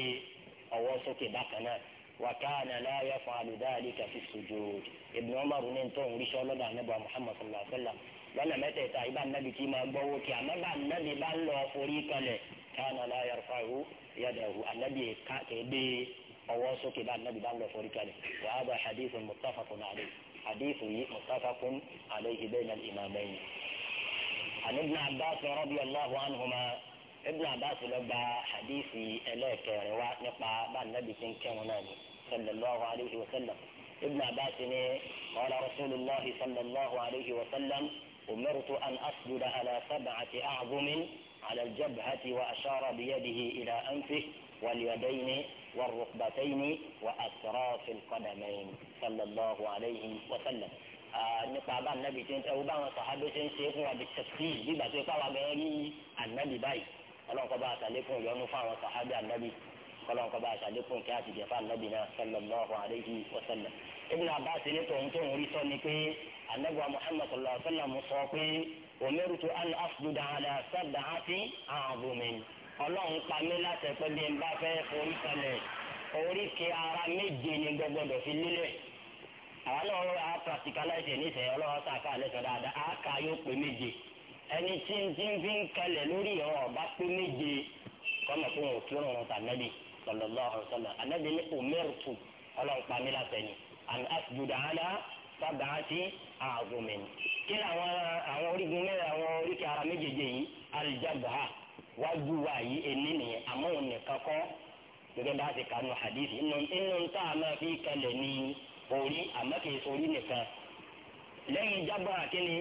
ọwọ́ sókè bákan náà wàkàna láyà fún alùdáàlì kàfi sujud ebi náà ọlọ́run ní tó ń ríṣẹ́ ọlọ́dà anábà muhammad sallallahu alayhi wa sallam lọ́nà mẹ́tẹ̀ẹ̀ta ibà nàbí tí máa gbọ́ wókè àmọ́ bá nàbí bá ń lọ forí kalẹ̀ kàna láyà fáwọ́ yàdàwù anábì kàkéde ọwọ́ sókè bá nàbí bá ń lọ عن ابن عباس رضي الله عنهما ابن عباس لبى حديث إليك رواء نقع بعد النبي كان صلى الله عليه وسلم ابن عباس قال رسول الله صلى الله عليه وسلم أمرت أن أسجد على سبعة أعظم على الجبهة وأشار بيده إلى أنفه واليدين والركبتين وأطراف القدمين صلى الله عليه وسلم nípa bá ànábì ṣe ń tẹ ọ báwọn sàhábé ṣe ń ṣe fún wa bí tẹsí bíbà tó fáwọn abẹ́rẹ́ rí ànábì báyìí ọlọ́nkọ́ bá àtàlékún ìyọnu fáwọn sàhábé ànábì ọlọ́nkọ́ bá àtàlékún kí á ti jẹ fún ànábì náà sallallahu alayhi wa sallam. Ibn Abbas ní tòun tó ń rí sọ ni pé ànábì wa Muhammad sallallahu alayhi wa sallam sọ pé umirtu an asjuda ala sab'ati a'zumin ọlọ́run pa mí láti ẹ̀pẹ́ bí n bá fẹ́ forí kalẹ̀ oríkèé ara méje ni gbọ́gbọ́dọ̀ fi lílẹ̀ àwọn náà rọra practicalize ẹ̀ nísìnyí ọlọ́wọ́ sàkà lẹ́sọ̀ dáadáa á yóò pé méje ẹni tí ń tí ń fi ń kalẹ̀ lórí ìrọ̀ ọba pé méje kọ́mọ̀ pé wọn ò kí ọ̀rọ̀ tà nẹ́bí sallallahu alaihi ní umirtu ọlọ́ọ̀pá mi látẹ̀yìn an asjuda ala kí làwọn àwọn orígun mẹ́rin ara méjèèjì yìí wájú wa yìí nìyẹn àmọ́ òun nìkan kọ́ gẹ́gẹ́ orí àmọ́ kìí sori nìkan lẹ́yìn jábàrà kínní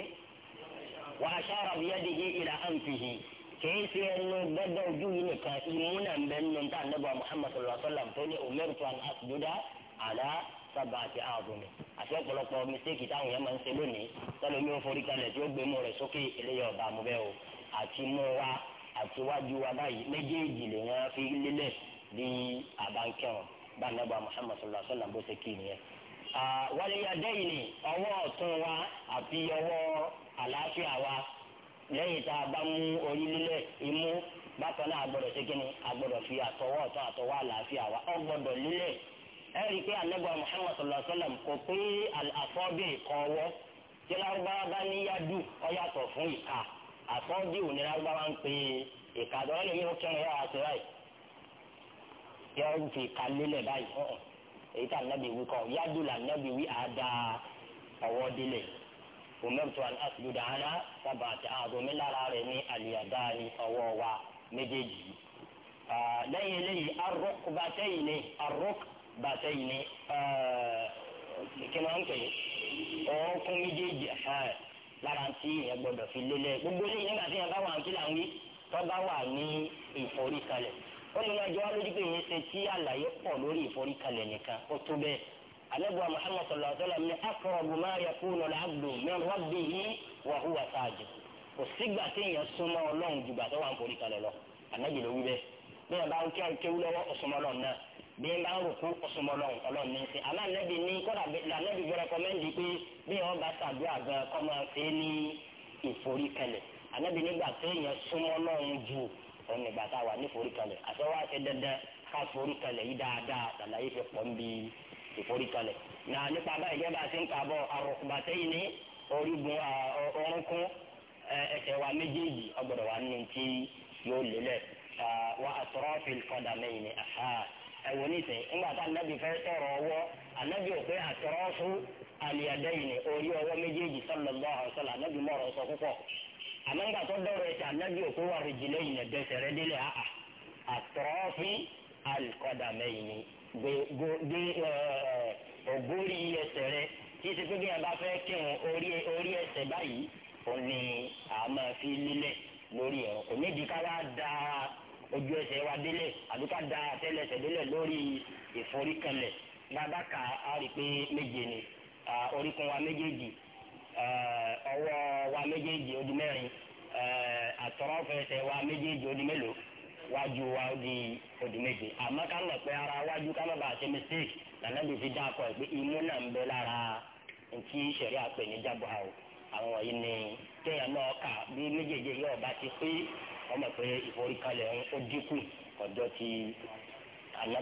wà á ṣára bí yẹ́dìgì ìlà àǹfìhì kìí ṣe ẹnu gbẹ́dẹ́ ojú yìí nìkan imú náà ń bẹ nínú tá a nẹ́bọ̀ muhammad sallallahu alayhi wa sallam tó ní umirtu an asjuda àlá sábà àti ààbùnmi àti ọ̀pọ̀lọpọ̀ mistake táwọn yẹn máa ń ṣe lónìí tọ́lọ́ mi ò forí kalẹ̀ tí ó gbé mú rẹ̀ sókè eléyà ọ̀bà mú bẹ́ẹ̀ o àti mú wa àti wájú wa báyìí méjèèjì lè wọ́n fi lélẹ̀ bí àbáńkẹ́wọ̀n bá nẹ́bọ̀ muhammad sallallahu alayhi wa sallam bó ṣe kí nìyẹn. wáléyàdẹ́ ya ni ọwọ́ ọ̀tún wa àti ọwọ́ àlàáfíà wa lẹ́yìn tá a bá mú orí lílẹ̀ imú bákan náà agbọ́dọ̀ ṣe fi àtọwọ́ ọ̀tún àtọwọ́ àlàáfíà wa ọgbọ́dọ̀ lílẹ̀ ẹ̀rí pé anagba muhammad sallallahu alayhi wa sallam kò pé àfọ́bì kọ́wọ́ tí lárúbáwá bá ní yádù fún ìka àfọ́bì ò ní lárúbáwá ń pè é ìka àdọ́rọ́ lè yọ èyí tá nàbì wí kọ́ yádù là nàbì wí àdá ọwọ́ délẹ̀ umirtu an asjuda ala sab'ati a'zumi lára rẹ̀ ní al-yadani ọwọ́ wa méjèèjì lẹ́yìn eléyìí arọ́kùbátẹ́yìn ni arọ́kùbátẹ́yìn ni kí wọ́n ń pè é ọ̀ọ́kùn méjèèjì lára tí èèyàn gbọ́dọ̀ fi lélẹ̀ gbogbo eléyìí nígbà tí èèyàn bá wà ní kí là ń wí tó bá wà ní ìforíkalẹ̀ ó lè máa jọ wá lójú pé ìyẹn ṣe tí àlàyé pọ̀ lórí ìforíkalẹ̀ nìkan ó tó bẹ́ẹ̀ alẹ́bùwà muhammad sallallahu alayhi wa sallam ní akọ̀rọ̀bù máa yẹ kó nọ̀lá abdu mẹ́rin wá bí yí wà húwa sáàjù kò sígbà tí èèyàn súnmọ́ ọlọ́run jù bàtọ́ wà ń forí kalẹ̀ lọ ànájì ló wí bẹ́ẹ̀ bí wọn bá ń kí kéwú lọ́wọ́ ọ̀sùnmọ́ náà bí wọn bá ń rò kú ọ̀sùnmọ́ ọlọ́run ní í ṣe àmọ́ ní kọ́dà ànábì fi rẹkọmẹ́ndì pé bí wọn bá ṣàdúrà gan kọ́ máa ṣe é ní ìforí kalẹ̀ nígbà tí èèyàn jù òun nígbà tá a wà ní foríkalẹ̀ àtọ́wọ́ àti dandan ká foríkalẹ̀ yìí dáadáa làlàyé fi pọ̀ ń bi ìforíkalẹ̀ na nípa báyìí jẹ́ bá a ti ń kàbọ̀ àrùkùbàtẹ́yìn ní orígun orúnkún ẹsẹ̀ wa méjèèjì ọgbọ̀dọ̀ wa nínú tí yóò lélẹ̀ wa àtọ́rọ́fì kọ́dàmẹ́yìn ní àhà ẹ̀wọ̀n nísìn nígbà tá anábì fẹ́ sọ̀rọ̀ ọwọ́ anábì ò pé àtọ́rọ́fù àlìyàdẹ́yìn ní orí ọwọ́ méjèèjì sọ́lọ́lọ́ àmọ́ nígbà tó dọ̀rọ̀ ẹ̀sẹ̀ ànábì òkú wà rìjìlẹ̀ yìí nà dẹsẹ̀ rẹ délé àhà àtọ́fí alùkọ́dàmẹ́yìn ni gbé ògbórí ẹsẹ̀ rẹ tí pé bí a bá fẹ́ kírun orí ẹsẹ̀ báyìí ó ní a máa fi lílẹ̀ lórí ẹ̀rùn kò nídìí ká wá da ojú ẹsẹ̀ wa délẹ̀ àbí ká da àtẹ́lẹsẹ̀ délẹ̀ lórí ìforíkanlẹ̀ bàbá kà á rí i pé méje ni oríkun wa méjèèjì Eh, ọwọ́ wa méjèèjì ó di mẹ́rin eh, àtọ́rọ́fẹ́ tẹ wa méjèèjì ó di mélòó wájú wa di òdì méje àmọ́ ká pé ara wájú ká mọ̀ bá ṣe mistake lànàbì fi dá akọ pé imú náà ń bẹ lára ntí sẹ̀rí àpè ní jábọ̀ àwọ̀ àwọn wọ̀nyí ni kéèyàn náà kà bí méjèèjì yóò bá ti pé ọmọ pé ìforíkalẹ̀ ń ó dínkù ọjọ́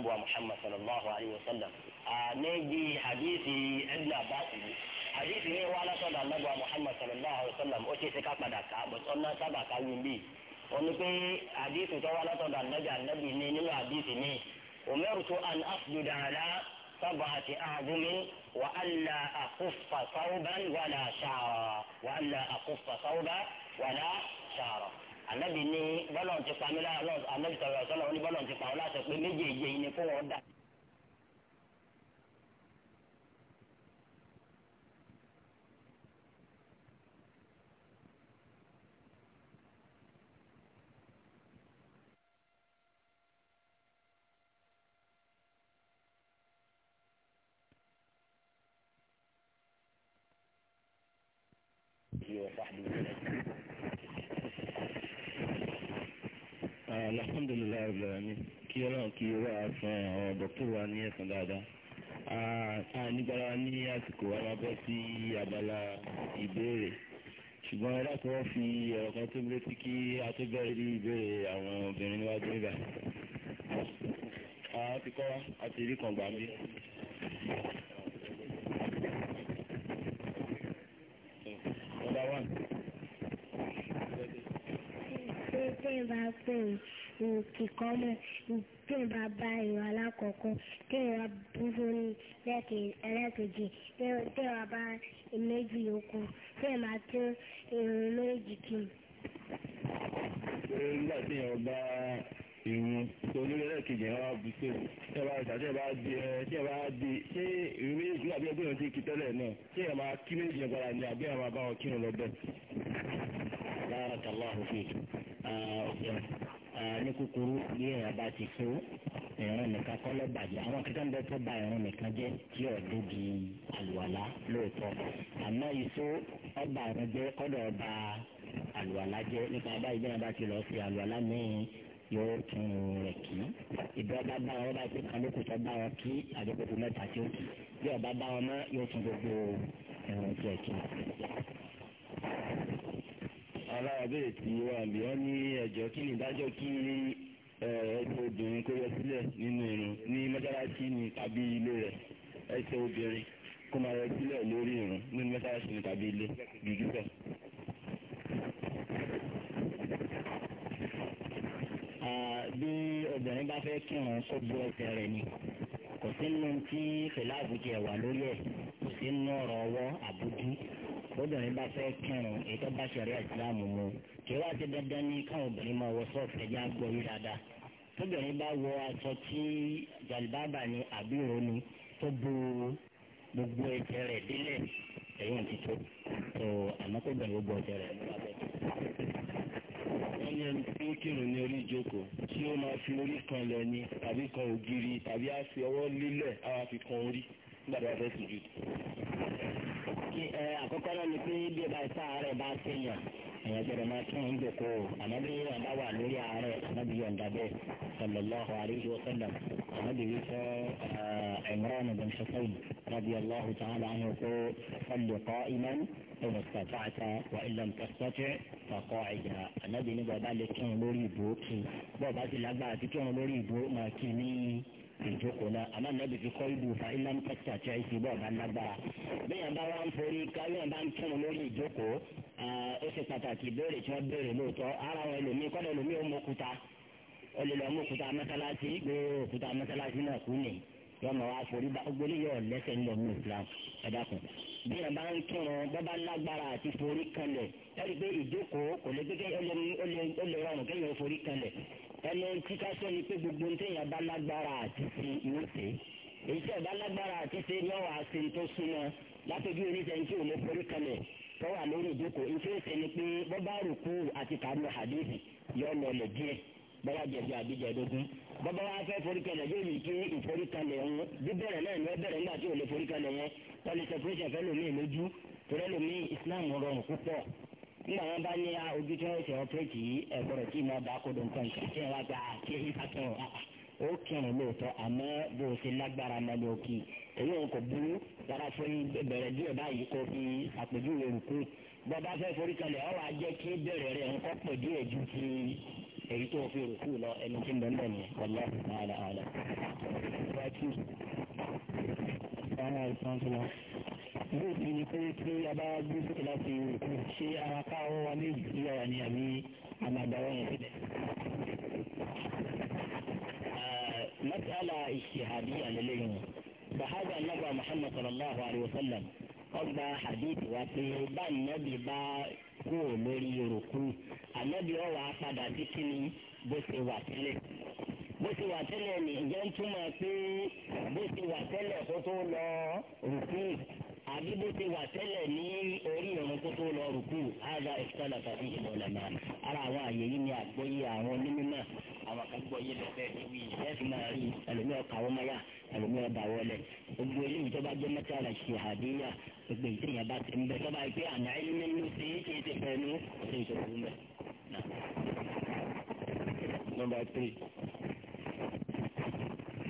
wa sallam. Ah, ní bí hadithi àdìsí wala wa lásọ̀dọ̀ àmọ́gbà Muhammad sallallahu alayhi wa sallam ó ṣe é ṣe ká padà ká bọ̀tọ́ náà sábà ká wí bíi wọ́n pé àdìsí tó wá lọ́tọ̀dọ̀ ànábì ànábì ní nínú àdìsí ní umirtu an asjuda ala sab'ati a'zumin wa alla akuffa sawban wala sha'ra wa alla akuffa sawban wala sha'ra. ànábì ní bọ́lọ̀ ti pa mí lára ànábì sọ̀rọ̀ sọ́lọ́ ní bọ́lọ̀ ti pa ọ́ láti pé méjèèjì yìí ni fún wọn dà. آله وصحبه alhamdulilayi ọlọ́ọ̀ni kí ọlọ́run kí wá fún àwọn dọ́kítọ̀rù wa ní ẹ̀sán dáadáa a nígbàrá ní àsìkò wa máa bọ́ sí abala ìbéèrè ṣùgbọ́n láti wọ́n fi ọ̀rọ̀ kan tó ń létí kí a tó bẹ̀rẹ̀ ní ìbéèrè àwọn obìnrin níwájú nígbà a ti kọ́ a ti rí kàn gbà mí. Tẹ́ bá pè kíkọ́ mọ̀, ìrun onílé lẹ́ẹ̀kejì ẹ̀ wá bu sóò tí ẹ bá ṣe àti ẹ bá di ẹ tí ẹ bá di ṣé ìrun méjì kúrò àbí ẹgbẹ́ ìrántí kí tẹ́lẹ̀ náà ṣé ẹ máa kí méjì yẹn padà ní àbí ẹ máa bá wọn kírun lọ bẹ́ẹ̀. lára kàlá òfin ọ̀sẹ̀ ní kúkúrú bí ẹ̀yà bá ti tó ìrun nìkan kọ́ ló bàjẹ́ àwọn kankan bẹ́ẹ̀ tó ba ìrun nìkan jẹ́ tí ọ̀dọ́ di àlùwàlá lóòótọ́ àmọ́ ìṣó ọba ìrun jẹ́ kọ́dọ̀ ọba àlùwàlá jẹ́ nípa báyìí bẹ́ẹ̀ bá ti lọ sí àlùwàlá mẹ́rin yóò tún rẹ̀ kí ìdí ọba bá wọn bá ti kan lókùtọ̀ bá wọn kí àdókòtò mẹ́ta tí ó kì bí ọba bá wọn mọ́ yóò tún gbogbo ẹ̀rùn tí ẹ̀ kí. aláàbẹ̀ tí wà bí wọ́n ní ẹ̀jọ́ kí ni ìdájọ́ kí ẹsẹ̀ obìnrin kó yọ sílẹ̀ nínú irun ní mọ́sálásí ni tàbí ilé rẹ̀ ẹsẹ̀ obìnrin kó máa yọ sílẹ̀ lórí irun nínú mọ́sálásí ni tàbí ilé gígísẹ̀ bí obìnrin bá fẹ́ kírun kó bu ẹsẹ̀ rẹ̀ ni kò sínú tí fìlàbù jẹ wà lórí ẹ̀ kò sínú ọ̀rọ̀ ọwọ́ àbújú obìnrin bá fẹ́ kírun ètò bá ṣẹ̀rí ìsìlámù mu kí wá ti dandan ní káwọn obìnrin máa wọ sọ́ọ̀fù ẹ̀jẹ̀ àgbọ̀ yìí dáadáa tóbìnrin bá wọ aṣọ tí jàlibábà ni àbí òun ni tó bu gbogbo ẹsẹ̀ rẹ̀ délẹ̀ ẹ̀yìn òtítọ́ tó àmọ́ kó bẹ̀rẹ̀ gbogbo ẹsẹ̀ rẹ̀ nígbà bẹ́ẹ̀ wọ́n ní ẹni tí ó kírun ní orí ìjókòó tí ó máa fi orí kan lẹ̀ ni tàbí kan ògiri tàbí á fi ọwọ́ lélẹ̀ á wá fi kan orí nígbà tó bá fẹ́ sùn jù. àkọ́kọ́ náà ni pé bí ẹ bá ìsáàárẹ̀ bá ṣèyàn èèyàn gbọ́dọ̀ máa tún ń dòkó o ànábì wọn bá wà lórí ààrẹ ànábì yọ̀ ǹda bẹ́ẹ̀ sallallahu alayhi wa sallam wí fọ́ eh, Imran bin Husayn radiyallahu ta'ala anhu kó salli qa'iman in istata'ta wa in lam tastati' fa qa'ida ànábì ní bọ́ọ̀ bá lè kírun lórí ìbò kí bọ́ọ̀ bá ti lágbára ti kírun lórí ìbò máa kí ní ìjókòó náà àmọ́ nàbì fi kọ́ ibù fa ilá ń pẹ́tà tí a ti bọ̀ bá lágbára. bẹ́ẹ̀ bá wà ń forí káyọ̀ bá ń tún lórí ìjókòó ó ṣe pàtàkì ìbéèrè tí wọ́n béèrè lóòótọ́ ara wọn ẹlòmíì kọ́ ẹlòmíì ó mú òkúta ó lè lọ mú òkúta mọ́sálásí gbé òkúta mọ́sálásí náà kú nì yọmọ wa forí bá lẹ́sẹ̀ ńlọ ní ìsìlámù ẹ̀dá kan bí wọn bá ń kírun bábá lágbára àti forí kanlẹ̀ ẹni pé ìjókòó kò lè gbẹgẹ ó lè ó lè rọrùn kéèyàn forí kanlẹ̀ ẹnu kíkà sọ ni pé gbogbo ní téèyàn bá lágbára àti fi yóò ṣe èyí tí ọba lágbára àti ṣe ni ọwọ́ àṣẹ tó súnmọ́ látọjú oníṣẹ́ni tí ò lè forí kanlẹ̀ tọwà lórí ìjókòó ìfẹsẹ ni pé bọbá rùkú àti kàánú hadith yọ ọ lọlẹ díẹ̀ bọ́lá jẹ̀bi àbíjẹ̀dógún bọ́bá wa fẹ́ foríkalẹ̀ yóò ní kí ìforíkalẹ̀ wọn bíbẹ̀rẹ̀ náà ni wọ́n bẹ̀rẹ̀ nígbà tí ò lè foríkalẹ̀ yẹn pẹ̀lú separation fẹ́ lómi lójú torí lómi Islam rọrùn púpọ̀ nígbà wọn bá ní ojú tí wọn ṣe ọpẹrẹtì yìí ẹgbọrọ tí mo bá kó do nǹkan kan tí wọn gba kí n bá kírun ah, ah. ó kírun lóòótọ́ àmọ́ bó o ṣe lágbára mẹlẹ òkè èyí òun kò burú rárá fún bẹ̀rẹ̀ díẹ̀ báyìí kó fi àpèjúwe rùkú bọba fẹ́ foríkalẹ̀ ọwọ ajẹ kí bẹ̀rẹ̀ rẹ̀ ń kọ pẹ̀lú ẹjú ti èyí tó fi rùkú lọ ẹni tí ń bẹ náà ni wallahu ta'ala a'lam. Ilé ìpín ni pé tí a bá gbé sókè láti rùkú ṣé ara káwọ́ wa lè yí ara ni àbí àmàgbáwọ́ yẹn sílẹ̀. Mas'ala ìṣèhàdí àlẹ́lẹ́yìn. Sàhábà Nàbà Muhammad sallallahu alayhi wa sallam. ọgbà hadith wa pé bá nẹ́bí bá kúrò lórí òrùkú ànẹ́bí ọ̀ wá padà sí kíni bó ṣe wà tẹ́lẹ̀ bó ṣe wà tẹ́lẹ̀ nìyẹn túmọ̀ pé bó ṣe wà tẹ́lẹ̀ kó tó lọ rùkú àbí bó ṣe wà tẹ́lẹ̀ ní orí ọ̀run tó tó lọ rùkú ága ìfọ́nà tàbí ìbọ̀lẹ̀mà ara àwọn àyè yìí ni àgbọ́yé àwọn onímọ̀ àwọn kan gbọ́yé lọ́fẹ́ ìwé ìfẹ́ fi máa ẹlòmíràn ọba wọlé gbogbo eléyìí tó bá jẹ́ mẹ́tàlá ṣe àdéhà gbogbo ìtìyàn bá ti ń bẹ tó bá yẹ pé àná ẹlẹ́mí ló ṣe é ṣe é ti fẹ́ ní ṣe ìṣòro mẹ́. nọ́mbà three.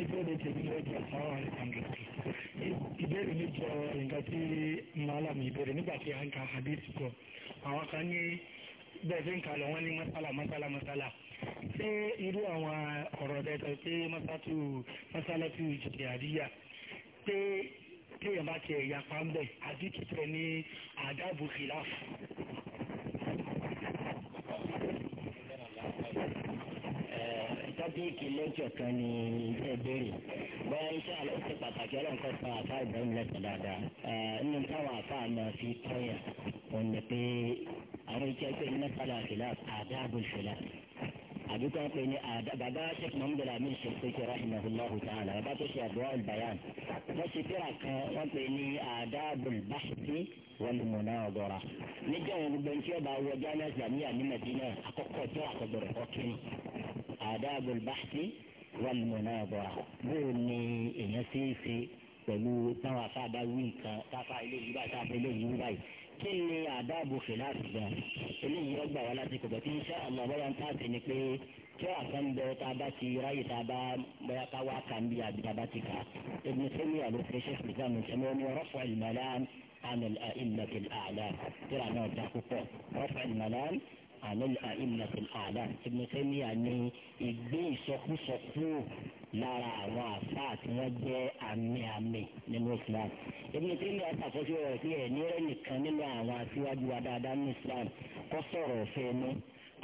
ìbéèrè tèmi ló jẹ àwọn àìsàngàtì ìbéèrè mi jọ nǹkan tí màálà mi ìbéèrè nígbà tí a ń ka hadith kọ àwọn kan ní bẹ́ẹ̀ fi ń kalọ̀ wọ́n ní masala masala masala ṣé irú àwọn ọ̀rọ̀ tẹ́tọ̀ pé mọ́sálásí ìjìnlẹ̀ àríyá pé téèyàn bá tiẹ̀ yapa ń bẹ̀ àbí títẹ̀ ní àdábù kìláàfù. tọ́píìkì lẹ́jọ́ kan ni iṣẹ́ ìbéèrè bọ́lá iṣẹ́ àlọ́ ṣe pàtàkì ọlọ́nkọ́ pa àfa ìbọn lẹ́sẹ̀ dáadáa nínú táwọn àfa àmọ́ fi tọ́yà òun ni pé àwọn iṣẹ́ pé iná padà fìlà àdáàbò àdúgbò pé ní bàbá sheikh muhammed amin shafiki rahimahullahu ta'ala bàbá tó ṣe àdúrà olùbàyàn wọ́n ṣe tíra kan wọ́n pè ní adabul bahthi wal munadara níjọ́ òun gbogbo ní tí ọba wọ jamiu islamiyya ní madina àkọ́kọ́ tó àkọ́gbọ̀rọ̀ ọ̀kìn adabul bahthi wal munadara bóò ni èèyàn ṣe é ṣe pẹ̀lú táwọn afáàbá wí nǹkan táfà ilé ilé yìí kí ni àdáàbò fìlàsì gan eléyìí ọgbà wa láti kọ̀gbẹ́ tí iṣẹ́ àmọ́ bọ́yá ń tààtì ni pé kí àkàn bẹ tá a bá ti ráyè tá a bá bọ́yá ká wá kà ń bí àbí tá a bá ti kà ebi sẹ́mi àlòfin ṣe fìlà mi sẹ́mi ó ní rọ́pò ìmọ̀lá àmì ìlẹ̀kẹ̀ àlà kíra náà dá púpọ̀ rọ́pò ìmọ̀lá alal a'immatil a'lam Ibn Taymiyyah ní ìgbé ìsọkúsọ kúrò lára àwọn àfáà tí wọ́n jẹ́ àmì àmì nínú Islam Ibn Taymiyyah àtàkọ́sí rẹ̀ pé ẹ̀ ní rẹ̀ nìkan nínú àwọn aṣíwájú wa dáadáa ní Islam kọ́ sọ̀rọ̀ ọ̀fẹ́ ní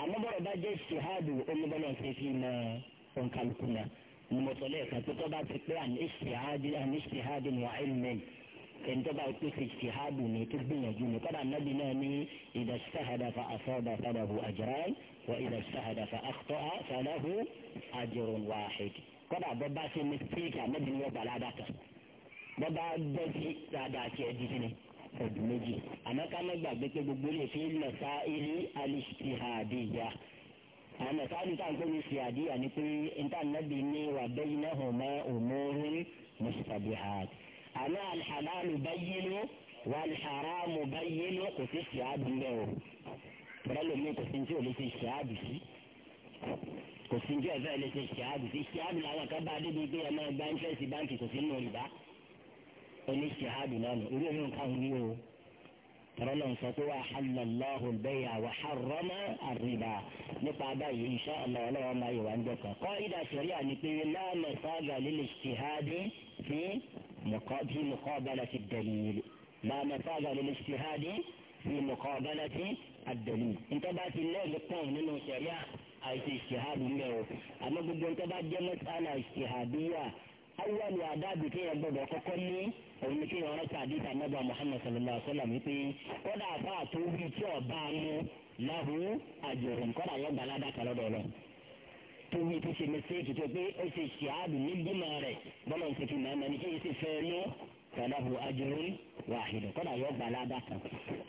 àmọ́bọ̀rọ̀ bá jẹ́ ṣèhádù oníbọ́lọ̀ ṣe fi mọ òǹkàlùkù náà ni mo sọ tọ́ bá ti pé àní ṣèhádì àní ṣèhádì ẹnitọ́ba ìpèsè ìṣèhábù ni tó gbìyànjú ni kọ́dà nàbì náà ní ìdá sáhàdà fa àfọ́dà fàdàhù àjẹrán wà ìdá sáhàdà fa àkọ́tọ́ fàdàhù àjẹrán wàhid kọ́dà bọ́bá ṣe mistake ànábì ni wọ́n gbà ládàkà bọ́bá bẹ́sí dáadáa tiẹ̀ dídí ni ọdún méjì àmọ́ ká má gbàgbé pé gbogbo lè fi nàṣá ilé alìṣìhàdìyà àwọn ẹ̀ka ní ká ń pè ní ṣìhàdìyà ni pé ìtànàbì ni wà bẹ́yìn náà hàn mọ́ òmùrún mùsùlùmí àmọ́ alḥàlámù báyínú wà alḥàrámù báyínú kò sí ṣìáàbù mbẹ́ o pẹ̀lúmi kò sí ní tí o lè ṣe ṣìáàbù sí kò sí ní ọ̀fẹ́ lè ṣe ṣìáàbù sí ṣìáàbù làwọn kan bá débi pé ẹ̀ máa gba íńtírẹ́sì báńkì kò sí nínú ìbá oní ṣìáàbù náà nù irú ìrìn kan ní o tọ́lọ́ sọ pé wà hàlọ́láhùn bẹ́yà wà hàrọ́mọ́ àríbá nípa báyìí iṣẹ́ ọlọ́wọ́ máa yẹ̀ في مقابلة الدليل لا مفاد للاجتهاد في مقابلة الدليل انت بقى في الله يقول منه شريعة أي اجتهاد منه أما قد انت بقى جمت أنا اجتهادية awọ́lu adáàbò kéèyàn gbọ́dọ̀ kọ́kọ́ ní òun ni kéèyàn rántí àdìsá nàbà muhammed sallallahu alayhi wa sallam wípé kódà àbá àtúwí tí ọba mú láhùn àjòrò nǹkan àyọ̀gbà ládàkà lọ́dọ̀ ọlọ́run tó ní tó ṣe mẹsẹ́ẹ̀kì tó pé ó ṣe ṣíàdù ní gbímọ̀ rẹ̀ bọ́lá ń ṣe fi màmá ní kí n ṣe fẹ́ lọ kàdáhù ajurun wàhídù kọ́nà yóò gbà ládàá kan.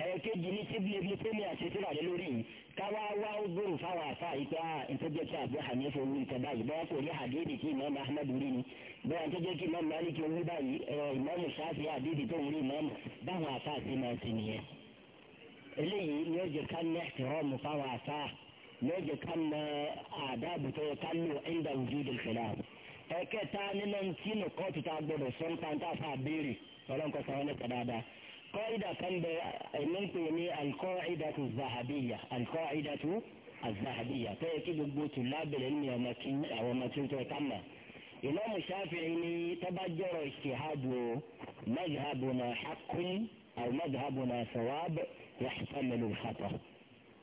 ẹ̀ẹ́kejì ní tíbi ibi tó ní àṣetúrà rẹ lórí yìí káwá wá ó gbòòrò fáwọn àfa yìí pé ntọ́jọ́ tí àbúrò hànífẹ́ owó nǹkan báyìí bọ́wọ́ kò rí àdéhìdì kí imam ahmed rí ni bọ́wọ́ ntọ́jọ́ kí imam malik owó báyìí ẹ̀rọ imam àdéhìdì tó ń rí imam báwọn àfa àti màá ti nìyẹn. eléyìí ni ó jẹ ká ní ẹ̀tẹ̀rọ̀ mú fáwọn àfa lọ́jọ́ ká mọ àdáàbò tó yẹ ká lò ẹ̀ńdà ojú ìdè ìfẹ̀lá. ẹ̀kẹta nínú tí mo kọ́ ti ta gbọdọ̀ sọ nípa nípa fà béèrè ọlọ́nkọ́ sọ wọn lẹ́kọ̀ọ́ dáadáa. kọ́ìdà kan bẹ ẹ̀mí ń pè ní alkọ́ìdàtú zahabiya alkọ́ìdàtú azahabiya tó yẹ kí gbogbo tù lábẹ̀rẹ̀ ní ọmọ kí àwọn ọmọ tí ó tọ́ ká mọ̀. ìlọ́mù sáfìrì ni tọ́ba ìṣèhábù madhabuna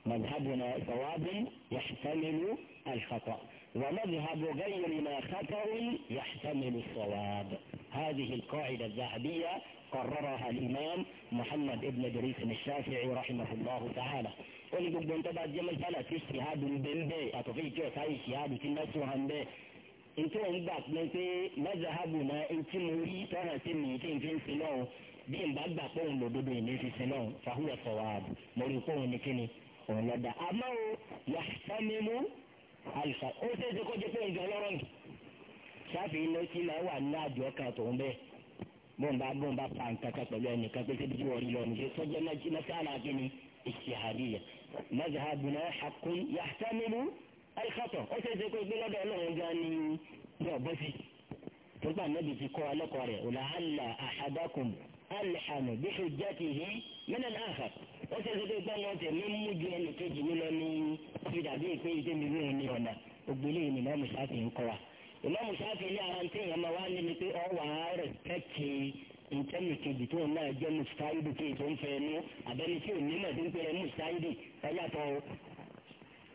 مذهبنا صواب يحتمل الخطأ ومذهب غيرنا خطأ يحتمل الصواب هذه القاعدة الذهبية قررها الإمام محمد ابن دريس الشافعي رحمه الله تعالى قل قد انت بعد جمال ثلاث اجتهاد بالبي اتفيد جو سعي اجتهاد في الناس وهمبي انت انبات لنتي مذهبنا انت مريد انا سميتين في السلون بين بعد بقول له دبيني في السلون فهو صواب مريقون كني òun lọ́dà àmọ́ o yàtọ́mímú àlùfà ó ṣe é ṣe kó jẹ́ pé ìjọ lọ́rọ̀ nù ṣáàfì ilé tí máa wà ní àjọ kan tòun bẹ́ẹ̀ bóńbá bóńbá pa nǹkan pẹ̀lú ẹnìkan pé síbi tí wọ́n rí lọ́nu ṣe sọ́jọ́ mẹ́sàlá kínní ìṣèhàdíyà mazhabuna hakun yahtamilu alikatọ ó ṣe é ṣe pé gbẹlọdọ Ọlọ́run gan ni ní ọgbẹ sí nígbà náà bìí ti kọ alẹkọ rẹ ọlà àlà àhàdákùn alhàmù bíṣu jẹtìhì mẹnà náà àfàkù ó ṣe ṣe pé gbọ́ngàn ọ̀tẹ̀ ló mú ju ẹnì kejì mi lọ ní fi dàbí ìpé iṣẹ́ mi lóye ní ọ̀nà ògbélé ni ìmáàmù sáfì ń kọ́ wa ìmáàmù sáfì ní ara tí èèyàn máa wá ní ni pé ọ wà á rẹ̀spẹ̀kì ìtẹ́nì kejì tó náà jẹ́ mùsáìdì tó ètò ń fẹ́ ẹnu àbẹ́ni tí ò ní mọ̀ tó ń pẹ́rẹ́ mùsáìdì ẹ̀yàtọ̀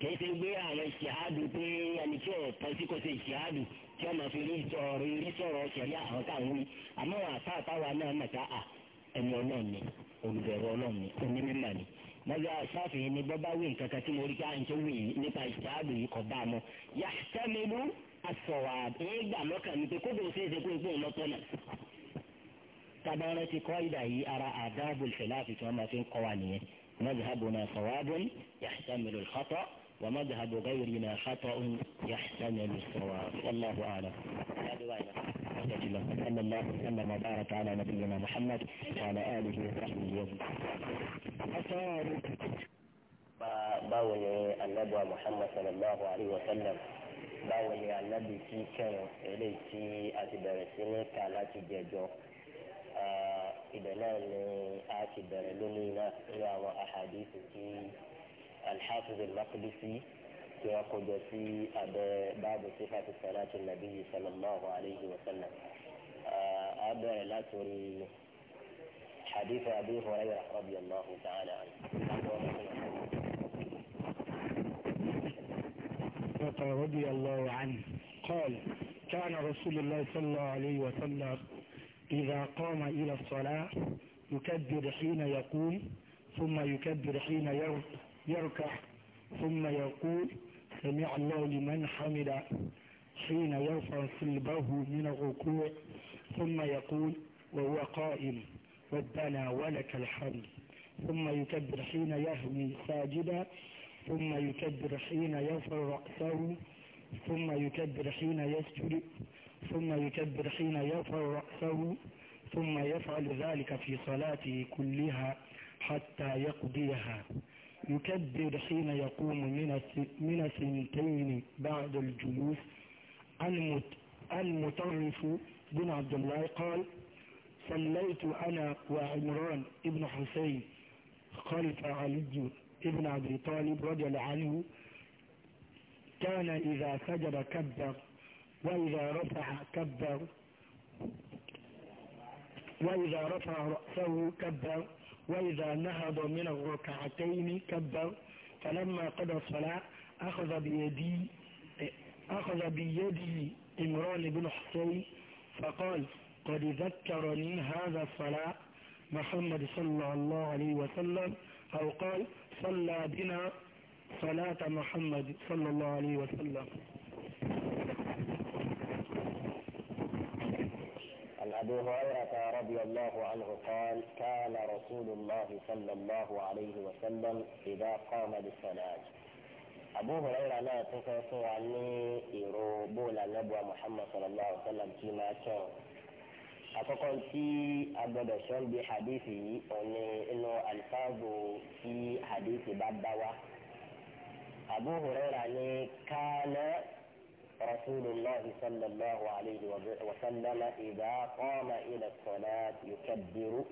kìí ṣe gbé àwọn ìṣìhádù pé ẹni tí ò tọ́ sí kò ṣe ìṣìhádù tí ọmọ fi rí sọ̀rọ̀ rí ṣẹ̀rí àwọn táwọn wí àmọ́ àtàtàwà náà mọ̀ta à ẹni ọlọ́ọ̀ni olùbẹ̀rù ọlọ́run ni onímọ̀ ni mọ̀lá ṣáfìhì ni bọ́bá wí nǹkan kan tí mo rí ká ń tó wì í nípa ìṣáàbù yìí kọ̀ bá a mọ́ yàtẹ́mẹ́lú àsọ̀wà ìgbà mọ́kàn ní pé kódò ṣe é ṣe pé ìpín ìlọ́tọ́ náà. tabarẹ́ ti kọ́ ìdà yìí ara àdáàbò ìfẹ̀láàfin tí máa fi ń kọ́ wa nìyẹn mọ́lá ṣàbùnà sọ̀wá ومذهب غيرنا خطأ يحسن الصواب والله أعلم صلى الله وسلم وبارك على نبينا محمد وعلى آله وصحبه وسلم باوني النبي محمد صلى الله عليه وسلم باوني النبي في كان إليه في أتبار السنة كالاتي جيجو إذا لا أتبار لنينا رواء أحاديث في الحافظ المقدسي وقدسي أبا بعض صفات صلاة النبي صلى الله عليه وسلم آه، أبا لات حديث أبي هريرة رضي الله تعالى عنه رضي الله عنه قال كان رسول الله صلى الله عليه وسلم إذا قام إلى الصلاة يكبر حين يقوم ثم يكبر حين يرفع يركع ثم يقول سمع الله لمن حمد حين يرفع صلبه من الركوع ثم يقول وهو قائم ربنا ولك الحمد ثم يكبر حين يهوي ساجدا ثم يكبر حين يرفع رأسه ثم يكبر حين يسجد ثم يكبر حين يرفع رأسه ثم يفعل ذلك في صلاته كلها حتى يقضيها يكبر حين يقوم من من سنتين بعد الجلوس المترف بن عبد الله قال صليت أنا وعمران ابن حسين خلف علي ابن أبي طالب رضي الله عنه كان إذا سجد كبر وإذا رفع كبر وإذا رفع رأسه كبر وإذا نهض من الركعتين كبر فلما قضى الصلاة أخذ بيدي أخذ بيدي إمران بن حسين فقال قد ذكرني هذا الصلاة محمد صلى الله عليه وسلم أو قال صلى بنا صلاة محمد صلى الله عليه وسلم أبي هريرة رضي الله عنه قال كان رسول الله صلى الله عليه وسلم إذا قام للصلاة أبو هريرة لا تكفر عني إروبول لنبوى محمد صلى الله عليه وسلم كما كان àkọ́kọ́ في أبدا gbọ́dọ̀ بحديثي أني إنه ألفاظ في حديث بابا أبو هريرة كان رسول الله صلى الله عليه وسلم إذا قام إلى الصلاة يكبر